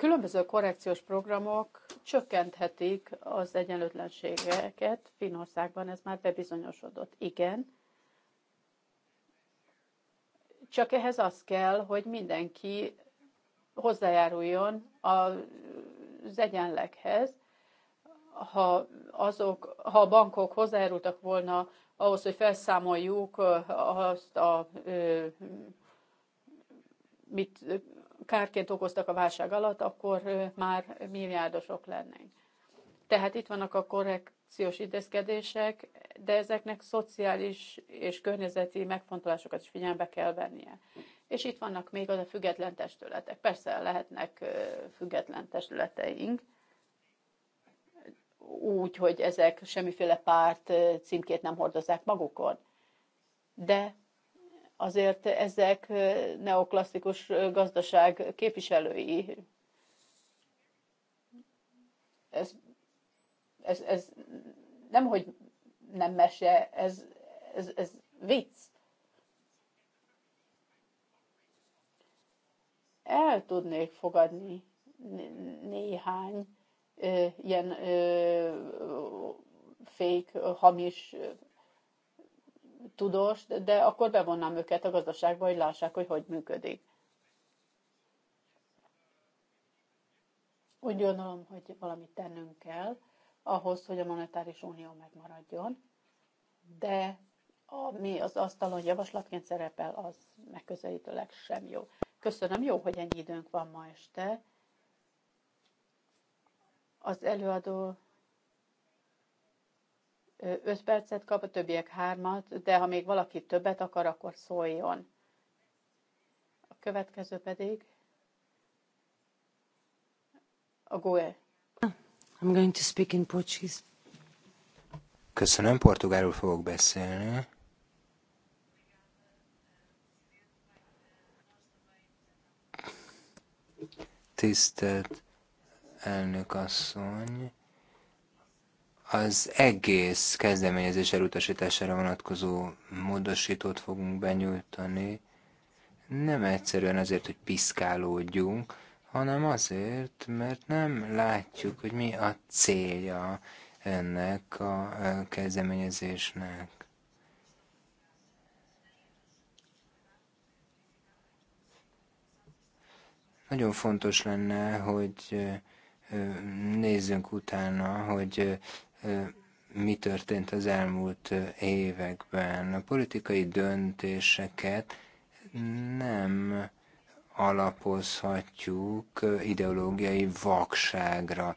különböző korrekciós programok csökkenthetik az egyenlőtlenségeket. Finországban ez már bebizonyosodott. Igen. Csak ehhez az kell, hogy mindenki hozzájáruljon az egyenleghez. Ha, azok, ha a bankok hozzájárultak volna ahhoz, hogy felszámoljuk azt a mit kárként okoztak a válság alatt, akkor már milliárdosok lennénk. Tehát itt vannak a korrekciós intézkedések, de ezeknek szociális és környezeti megfontolásokat is figyelembe kell vennie. És itt vannak még az a független testületek. Persze lehetnek független testületeink, úgy, hogy ezek semmiféle párt címkét nem hordozzák magukon. De azért ezek neoklasszikus gazdaság képviselői. Ez, ez, ez nem, hogy nem mese, ez, ez, ez vicc. El tudnék fogadni néhány ilyen fake, hamis tudós, de akkor bevonnám őket a gazdaságba, hogy lássák, hogy hogy működik. Úgy gondolom, hogy valamit tennünk kell ahhoz, hogy a monetáris unió megmaradjon, de ami az asztalon javaslatként szerepel, az megközelítőleg sem jó. Köszönöm, jó, hogy ennyi időnk van ma este. Az előadó 5 percet kap, a többiek 3-at, de ha még valaki többet akar, akkor szóljon. A következő pedig a GOE. I'm going to speak in Portuguese. Köszönöm, portugálul fogok beszélni. Tisztelt elnök asszony, az egész kezdeményezés elutasítására vonatkozó módosítót fogunk benyújtani, nem egyszerűen azért, hogy piszkálódjunk, hanem azért, mert nem látjuk, hogy mi a célja ennek a e, kezdeményezésnek. Nagyon fontos lenne, hogy e, e, nézzünk utána, hogy mi történt az elmúlt években. A politikai döntéseket nem alapozhatjuk ideológiai vakságra.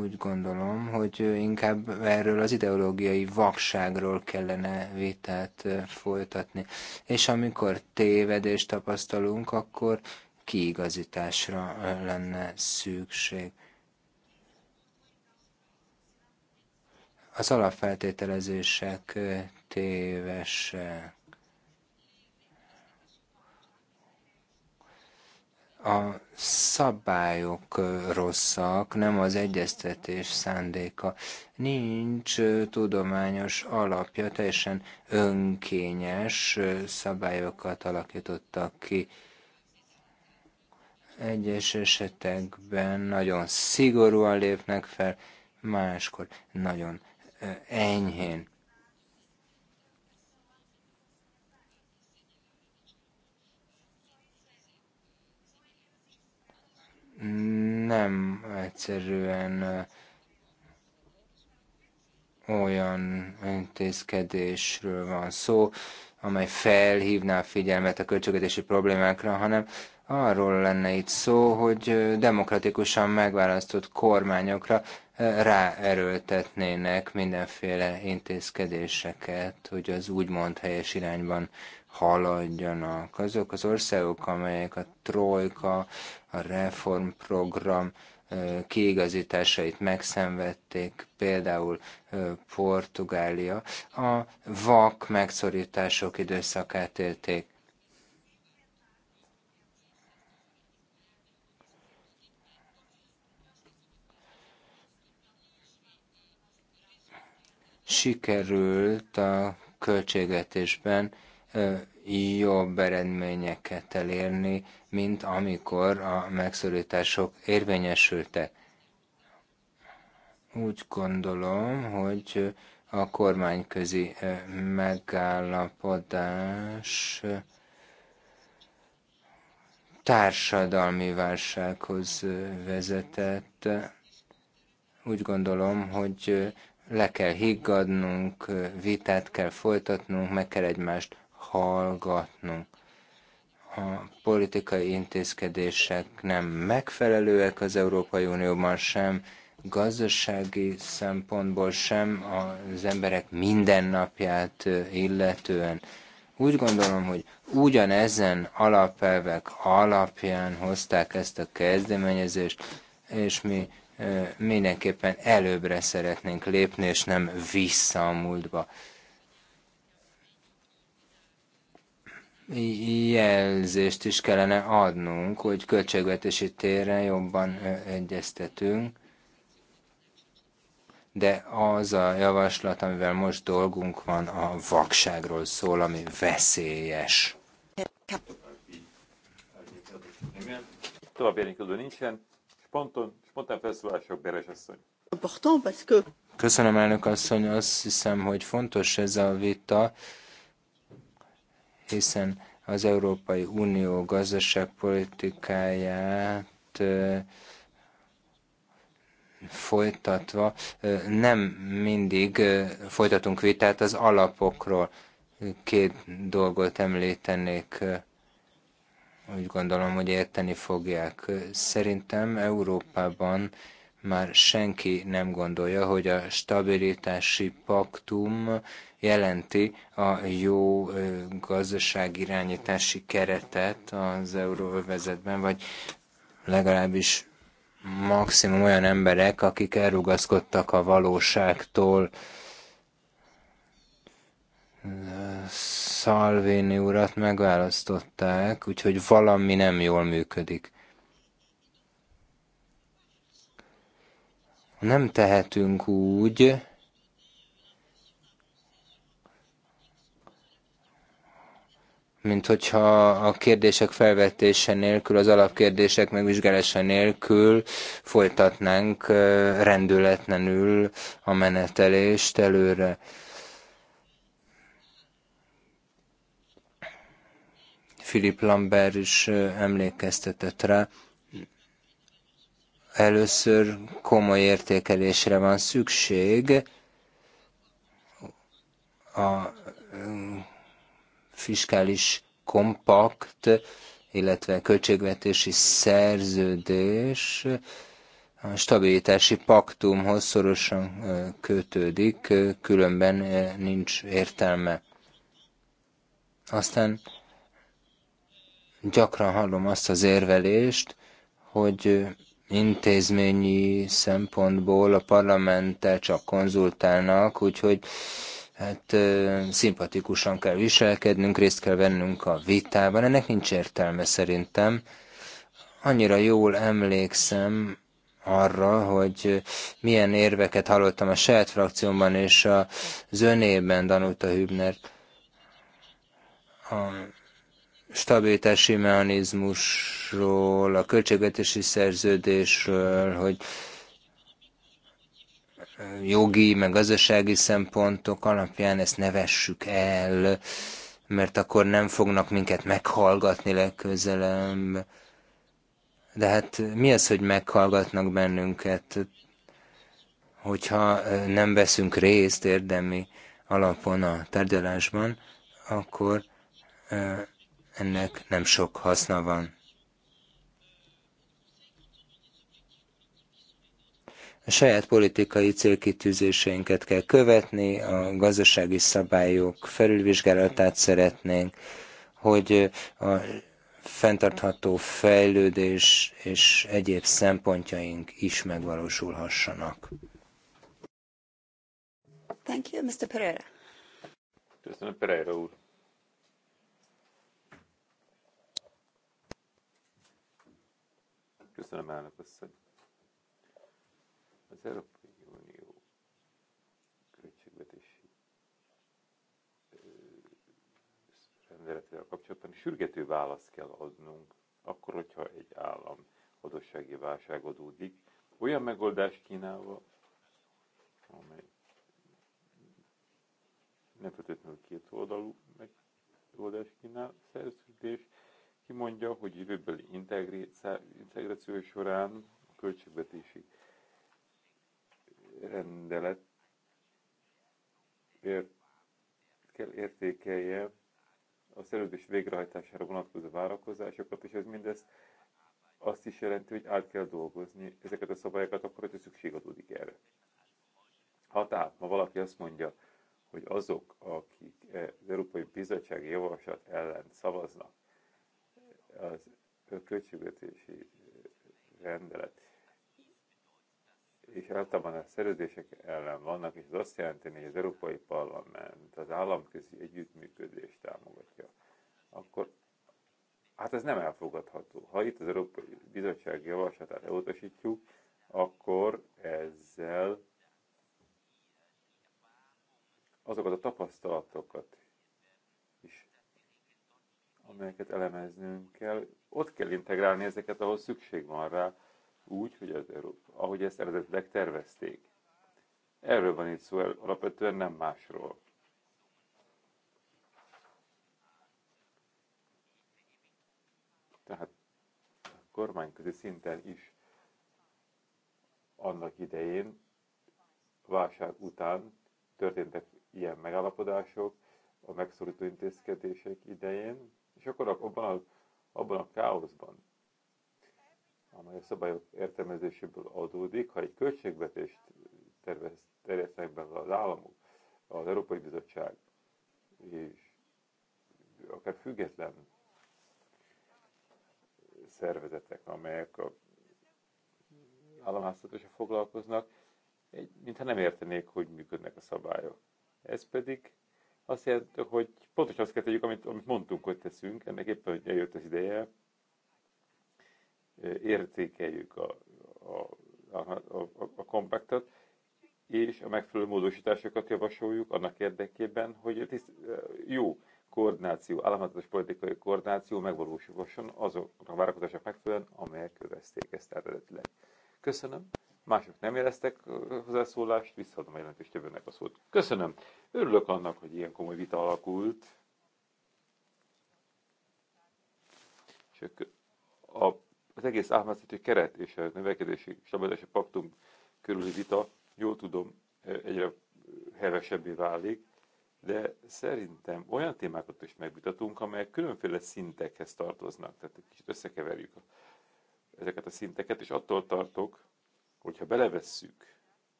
Úgy gondolom, hogy inkább erről az ideológiai vakságról kellene vitát folytatni. És amikor tévedést tapasztalunk, akkor kiigazításra lenne szükség. Az alapfeltételezések tévesek. a szabályok rosszak, nem az egyeztetés szándéka. Nincs tudományos alapja, teljesen önkényes szabályokat alakítottak ki. Egyes esetekben nagyon szigorúan lépnek fel, máskor nagyon enyhén. Nem egyszerűen olyan intézkedésről van szó, amely felhívná a figyelmet a költségvetési problémákra, hanem Arról lenne itt szó, hogy demokratikusan megválasztott kormányokra ráerőltetnének mindenféle intézkedéseket, hogy az úgymond helyes irányban haladjanak. Azok az országok, amelyek a trojka, a reformprogram kiigazításait megszenvedték, például Portugália, a vak megszorítások időszakát élték. sikerült a költségvetésben jobb eredményeket elérni, mint amikor a megszorítások érvényesültek. Úgy gondolom, hogy a kormányközi megállapodás társadalmi válsághoz vezetett. Úgy gondolom, hogy le kell higgadnunk, vitát kell folytatnunk, meg kell egymást hallgatnunk. A politikai intézkedések nem megfelelőek az Európai Unióban sem, gazdasági szempontból sem az emberek mindennapját illetően. Úgy gondolom, hogy ugyanezen alapelvek alapján hozták ezt a kezdeményezést, és mi mindenképpen előbbre szeretnénk lépni, és nem vissza a múltba. Jelzést is kellene adnunk, hogy költségvetési téren jobban egyeztetünk, de az a javaslat, amivel most dolgunk van, a vakságról szól, ami veszélyes. További nincsen Spontan, spontán felszólások, Beres asszony. Köszönöm, elnök asszony. Azt hiszem, hogy fontos ez a vita, hiszen az Európai Unió gazdaságpolitikáját folytatva nem mindig folytatunk vitát az alapokról. Két dolgot említenék úgy gondolom, hogy érteni fogják. Szerintem Európában már senki nem gondolja, hogy a stabilitási paktum jelenti a jó gazdaságirányítási keretet az euróövezetben, vagy legalábbis maximum olyan emberek, akik elrugaszkodtak a valóságtól, Szalvéni urat megválasztották, úgyhogy valami nem jól működik. Nem tehetünk úgy, mint hogyha a kérdések felvetése nélkül, az alapkérdések megvizsgálása nélkül folytatnánk rendületlenül a menetelést előre. Philip Lambert is emlékeztetett rá, először komoly értékelésre van szükség a fiskális kompakt, illetve költségvetési szerződés a stabilitási paktumhoz szorosan kötődik, különben nincs értelme. Aztán Gyakran hallom azt az érvelést, hogy intézményi szempontból a parlamenttel csak konzultálnak, úgyhogy hát szimpatikusan kell viselkednünk, részt kell vennünk a vitában. Ennek nincs értelme szerintem. Annyira jól emlékszem arra, hogy milyen érveket hallottam a saját frakciómban és a zönében Danuta Hübner. A stabilitási mechanizmusról, a költségvetési szerződésről, hogy eh, jogi, meg gazdasági szempontok alapján ezt ne vessük el, mert akkor nem fognak minket meghallgatni legközelebb. De hát eh, mi az, hogy meghallgatnak bennünket, hogyha eh, nem veszünk részt érdemi alapon a tárgyalásban, akkor ennek nem sok haszna van. A saját politikai célkitűzéseinket kell követni, a gazdasági szabályok felülvizsgálatát szeretnénk, hogy a fenntartható fejlődés és egyéb szempontjaink is megvalósulhassanak. Thank you, Mr. Pereira. Köszönöm, Pereira úr. Köszönöm, elnök asszony. Az Európai Unió költségvetési rendeletével kapcsolatban sürgető választ kell adnunk, akkor, hogyha egy állam adossági válság adódik, olyan megoldást kínálva, amely nem feltétlenül két oldalú megoldást kínál, szerződés, kimondja, hogy jövőbeli integráció során a költségvetési rendelet ért, kell értékelje a szerződés végrehajtására vonatkozó várakozásokat, és ez mindez azt is jelenti, hogy át kell dolgozni ezeket a szabályokat, akkor hogy a szükség adódik erre. Ha tehát ma valaki azt mondja, hogy azok, akik e- az Európai Bizottsági Javaslat ellen szavaznak, az költségvetési rendelet és általában a szerződések ellen vannak, és ez azt jelenti, hogy az Európai Parlament az államközi együttműködést támogatja, akkor hát ez nem elfogadható. Ha itt az Európai Bizottság javaslatát elutasítjuk, akkor ezzel azokat a tapasztalatokat amelyeket elemeznünk kell. Ott kell integrálni ezeket, ahol szükség van rá, úgy, hogy az Európa, ahogy ezt eredetileg tervezték. Erről van itt szó, alapvetően nem másról. Tehát a kormányközi szinten is annak idején, válság után történtek ilyen megállapodások, a megszorító intézkedések idején, gyakorlatilag abban a, abban a káoszban, amely a szabályok értelmezéséből adódik, ha egy költségvetést tervez, terjesztenek be az államok, az Európai Bizottság, és akár független szervezetek, amelyek a államháztatása foglalkoznak, mintha nem értenék, hogy működnek a szabályok. Ez pedig azt jelenti, hogy pontosan azt kell tegyük, amit, amit mondtunk, hogy teszünk, ennek éppen, hogy eljött az ideje, értékeljük a, a, a, a, a kompaktot, és a megfelelő módosításokat javasoljuk annak érdekében, hogy tiszt, jó koordináció, államhatatos politikai koordináció megvalósulhasson azokra a várakozások megfelelően, amelyek kövezték ezt eredetileg. Köszönöm. Mások nem éreztek hozzászólást, visszaadom a jelentéstevőnek a szót. Köszönöm. Örülök annak, hogy ilyen komoly vita alakult. és a, az egész álmáztató keret és a növekedési stabilitási paktum körüli vita, jól tudom, egyre hevesebbé válik, de szerintem olyan témákat is megvitatunk, amelyek különféle szintekhez tartoznak, tehát egy kicsit összekeverjük ezeket a szinteket, és attól tartok, hogyha belevesszük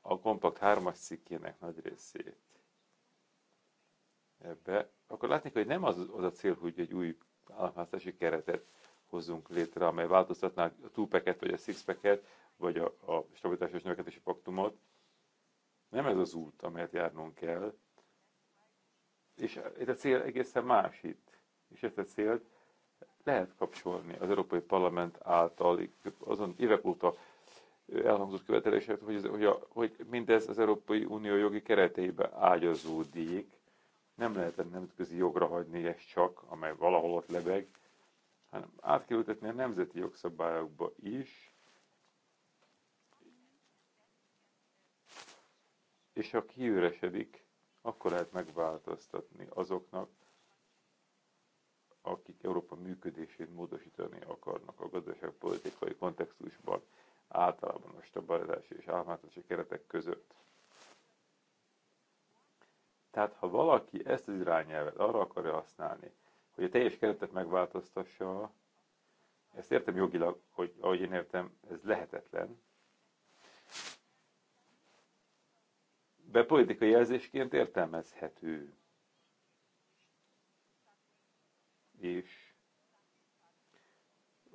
a kompakt hármas cikkének nagy részét ebbe, akkor látni, hogy nem az, az a cél, hogy egy új államháztási keretet hozzunk létre, amely változtatná a túpeket, vagy a sixpeket, vagy a, a stabilitás és növekedési paktumot. Nem ez az út, amelyet járnunk kell. És ez a cél egészen más itt. És ezt a célt lehet kapcsolni az Európai Parlament által azon évek óta elhangzott követelések, hogy, ez, hogy, a, hogy mindez az Európai Unió jogi kereteibe ágyazódik. Nem lehet a nemzetközi jogra hagyni ezt csak, amely valahol ott lebeg, hanem át kell ültetni a nemzeti jogszabályokba is, és ha kiüresedik, akkor lehet megváltoztatni azoknak, akik Európa működését módosítani akarnak a gazdaságpolitikai kontextusban, általában a stabilizási és államáltatási keretek között. Tehát, ha valaki ezt az irányelvet arra akarja használni, hogy a teljes keretet megváltoztassa, ezt értem jogilag, hogy ahogy én értem, ez lehetetlen. Bepolitikai jelzésként értelmezhető. és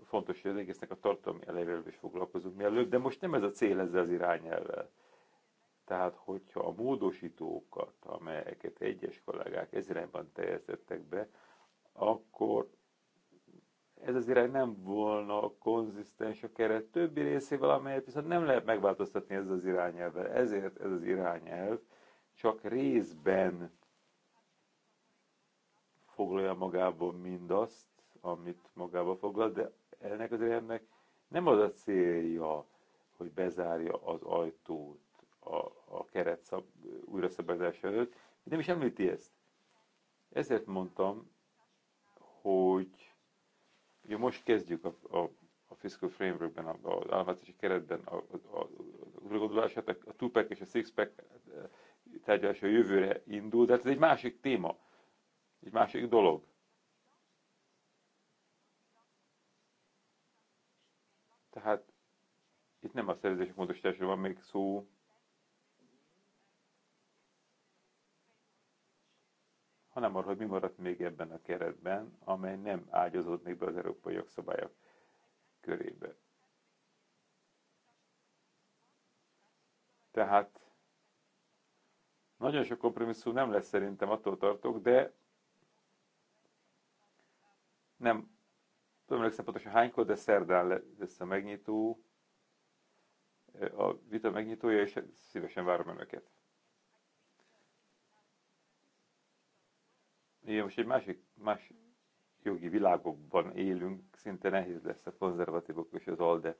fontos, hogy az egésznek a tartalmi elejével is foglalkozunk mielőtt, de most nem ez a cél ezzel az irányelvel. Tehát, hogyha a módosítókat, amelyeket egyes kollégák ez irányban be, akkor ez az irány nem volna konzisztens a keret többi részével, amelyet viszont nem lehet megváltoztatni ez az irányelvvel. Ezért ez az irányelv csak részben foglalja magában mindazt, amit magába foglal, de ennek az elemnek nem az a célja, hogy bezárja az ajtót a, a keret szab, újraszabályzása előtt, nem is említi ezt. Ezért mondtam, hogy ja, most kezdjük a, a, a fiscal frameworkben, az államháztási keretben a, a, a, a, a two-pack és a six-pack eh, tárgyalása jövőre indul, de hát ez egy másik téma egy másik dolog. Tehát itt nem a szerződés módosításról van még szó, hanem arra, hogy mi maradt még ebben a keretben, amely nem ágyazódnék be az európai jogszabályok körébe. Tehát nagyon sok kompromisszum nem lesz szerintem, attól tartok, de nem tudom emlékszem pontosan hánykor, de szerdán lesz a megnyitó, a vita megnyitója, és szívesen várom önöket. Igen, most egy másik, más jogi világokban élünk, szinte nehéz lesz a konzervatívok és az ALDE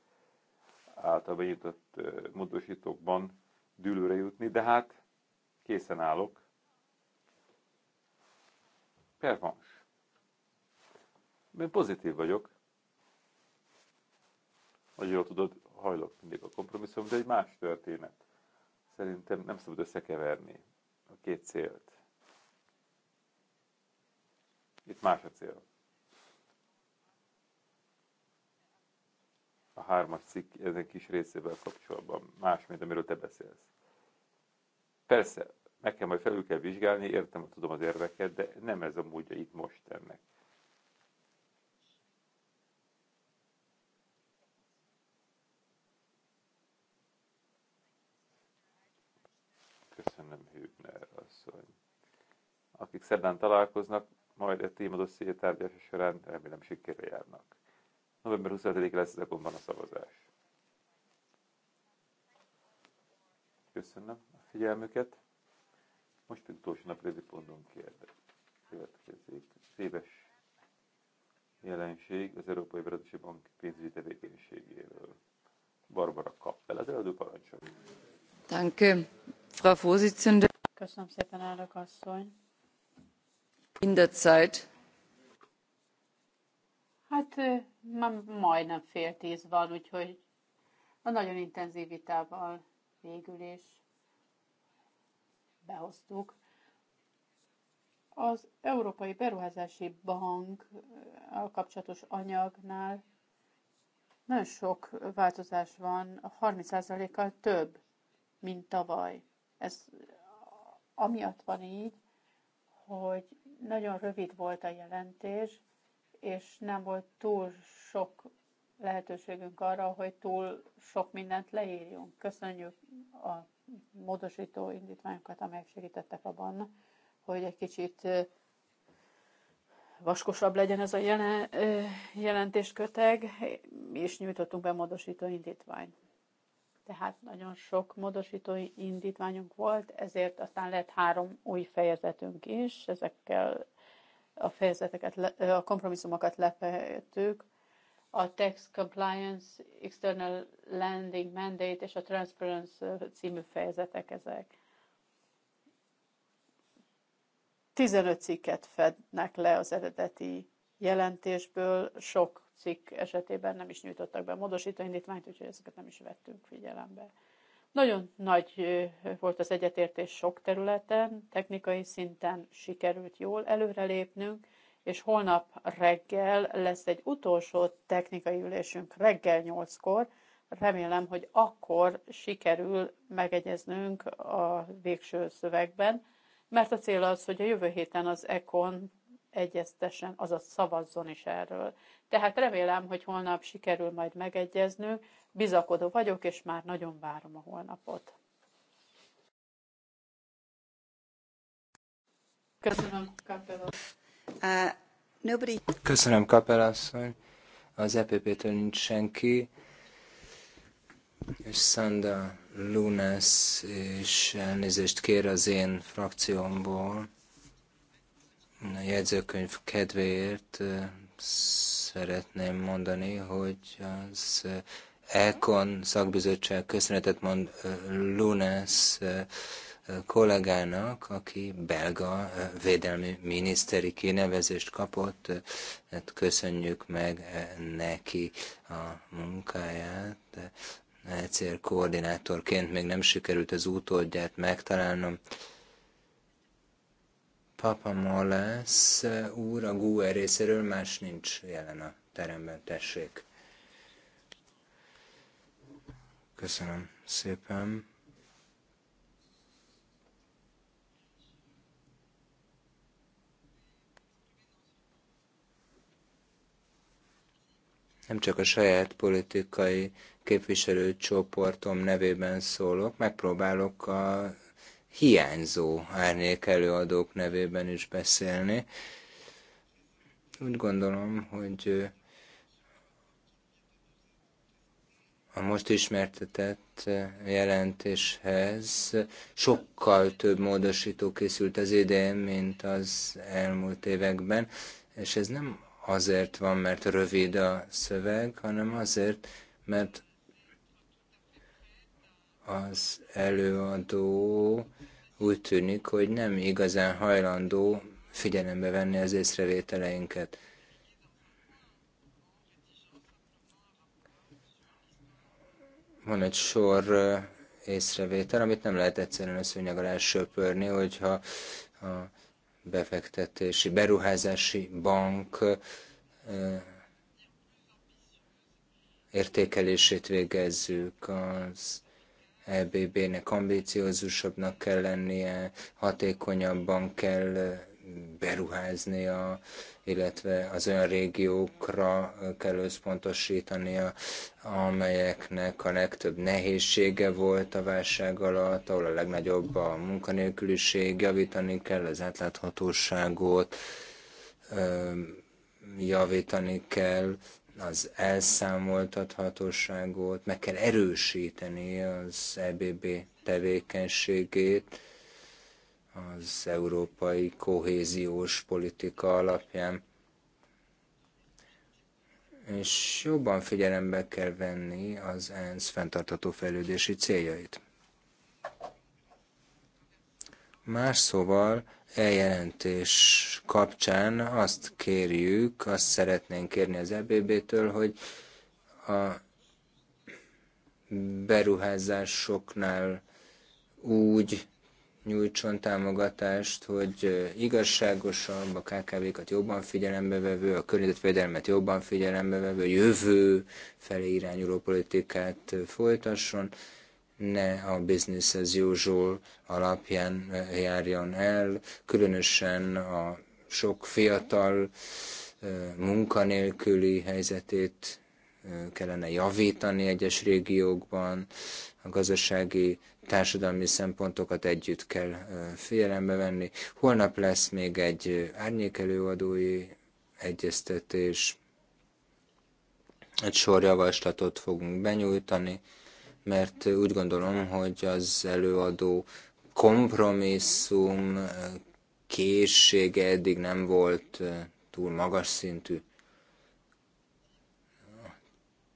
által bejutott módosítókban dűlőre jutni, de hát készen állok. Pervans. Én pozitív vagyok. Hogy jól tudod, hajlok mindig a kompromisszum, de egy más történet. Szerintem nem szabad összekeverni a két célt. Itt más a cél. A hármas cikk ezen kis részével kapcsolatban más, mint amiről te beszélsz. Persze, meg kell majd felül kell vizsgálni, értem, tudom az érveket, de nem ez a módja itt most ennek. akik szerdán találkoznak, majd egy téma dosszié során remélem sikerre járnak. November 25-ig lesz Dekonban a szavazás. Köszönöm a figyelmüket. Most pedig utolsó nap rövid pontunk Következik széves jelenség az Európai Vezetési Bank pénzügyi tevékenységéről. Barbara Kappel, az előadó parancsol. Danke, Frau Vorsitzende. Köszönöm szépen, elnök asszony. In der Zeit. Hát ma majdnem fél tíz van, úgyhogy a nagyon intenzív vitával végül is behoztuk. Az Európai Beruházási Bank kapcsolatos anyagnál nagyon sok változás van, 30%-kal több, mint tavaly. Ez amiatt van így, hogy nagyon rövid volt a jelentés, és nem volt túl sok lehetőségünk arra, hogy túl sok mindent leírjunk. Köszönjük a módosító indítványokat, amelyek segítettek abban, hogy egy kicsit vaskosabb legyen ez a jelentésköteg, és nyújtottunk be módosító indítványt tehát nagyon sok módosítói indítványunk volt, ezért aztán lett három új fejezetünk is, ezekkel a fejezeteket, a kompromisszumokat lefettük, a Tax Compliance, External Landing Mandate és a Transparency című fejezetek ezek. 15 cikket fednek le az eredeti jelentésből, sok cikk esetében nem is nyújtottak be módosító indítványt, úgyhogy ezeket nem is vettünk figyelembe. Nagyon nagy volt az egyetértés sok területen, technikai szinten sikerült jól előrelépnünk, és holnap reggel lesz egy utolsó technikai ülésünk reggel 8-kor. Remélem, hogy akkor sikerül megegyeznünk a végső szövegben, mert a cél az, hogy a jövő héten az ECON egyeztessen, azaz szavazzon is erről. Tehát remélem, hogy holnap sikerül majd megegyeznünk, bizakodó vagyok, és már nagyon várom a holnapot. Köszönöm, Kapelasszony. Uh, nobody... Köszönöm, Kapelasszony. Az EPP-től nincs senki. És Sanda Lunes és elnézést kér az én frakciómból a jegyzőkönyv kedvéért szeretném mondani, hogy az Ekon szakbizottság köszönetet mond Lunes kollégának, aki belga védelmi miniszteri kinevezést kapott. Hát köszönjük meg neki a munkáját. Egyszer koordinátorként még nem sikerült az utódját megtalálnom. Papa Molász eh, úr a GUE részéről, más nincs jelen a teremben, tessék. Köszönöm szépen. nem csak a saját politikai képviselőcsoportom nevében szólok, megpróbálok a hiányzó árnyék előadók nevében is beszélni. Úgy gondolom, hogy a most ismertetett jelentéshez sokkal több módosító készült az idén, mint az elmúlt években, és ez nem azért van, mert rövid a szöveg, hanem azért, mert az előadó úgy tűnik, hogy nem igazán hajlandó figyelembe venni az észrevételeinket. Van egy sor észrevétel, amit nem lehet egyszerűen a szőnyeg alá söpörni, hogyha a befektetési, beruházási bank értékelését végezzük az EBB-nek ambíciózusabbnak kell lennie, hatékonyabban kell beruháznia, illetve az olyan régiókra kell összpontosítania, amelyeknek a legtöbb nehézsége volt a válság alatt, ahol a legnagyobb a munkanélküliség, javítani kell az átláthatóságot, javítani kell az elszámoltathatóságot, meg kell erősíteni az EBB tevékenységét az európai kohéziós politika alapján. És jobban figyelembe kell venni az ENSZ fenntartató fejlődési céljait. Más szóval, eljelentés kapcsán azt kérjük, azt szeretnénk kérni az EBB-től, hogy a beruházásoknál úgy nyújtson támogatást, hogy igazságosabb, a KKV-kat jobban figyelembe vevő, a környezetvédelmet jobban figyelembe vevő, jövő felé irányuló politikát folytasson, ne a business as usual alapján eh, járjon el, különösen a sok fiatal eh, munkanélküli helyzetét eh, kellene javítani egyes régiókban, a gazdasági, társadalmi szempontokat együtt kell figyelembe venni. Holnap lesz még egy árnyékelőadói egyeztetés, egy sor javaslatot fogunk benyújtani mert úgy gondolom, hogy az előadó kompromisszum készsége eddig nem volt túl magas szintű. A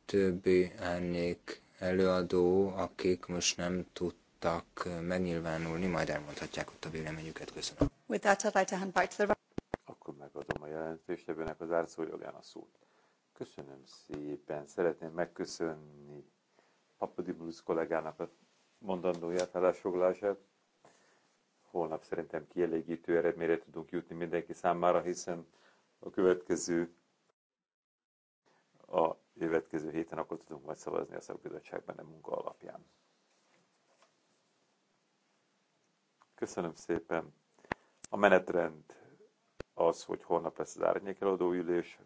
többi árnyék előadó, akik most nem tudtak megnyilvánulni, majd elmondhatják ott a véleményüket. Köszönöm. With that, I'd like to hand back to the... Akkor megadom a jelentéstevőnek az árszó jogán a szót. Köszönöm szépen, szeretném megköszönni Papadimulus kollégának a mondandóját, állásfoglalását. Holnap szerintem kielégítő eredményre tudunk jutni mindenki számára, hiszen a következő a következő héten akkor tudunk majd szavazni a szakbizottságban a munka alapján. Köszönöm szépen. A menetrend az, hogy holnap lesz az árnyékeladó ülés,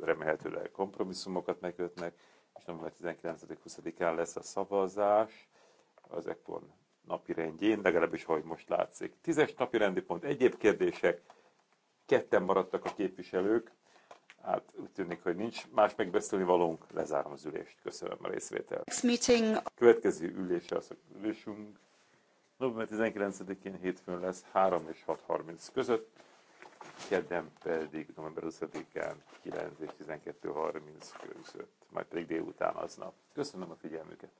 remélhetőleg kompromisszumokat megkötnek, és november 19-20-án lesz a szavazás az ECON napi rendjén, legalábbis ahogy most látszik. Tízes napi rendi pont, egyéb kérdések, ketten maradtak a képviselők, hát úgy tűnik, hogy nincs más megbeszélni valónk, lezárom az ülést. Köszönöm a részvételt. Meeting. Következő ülése az ülésünk. November 19-én hétfőn lesz 3 és 6.30 között kedden pedig november 20-án 9 és 12.30 között, majd pedig délután aznap. Köszönöm a figyelmüket!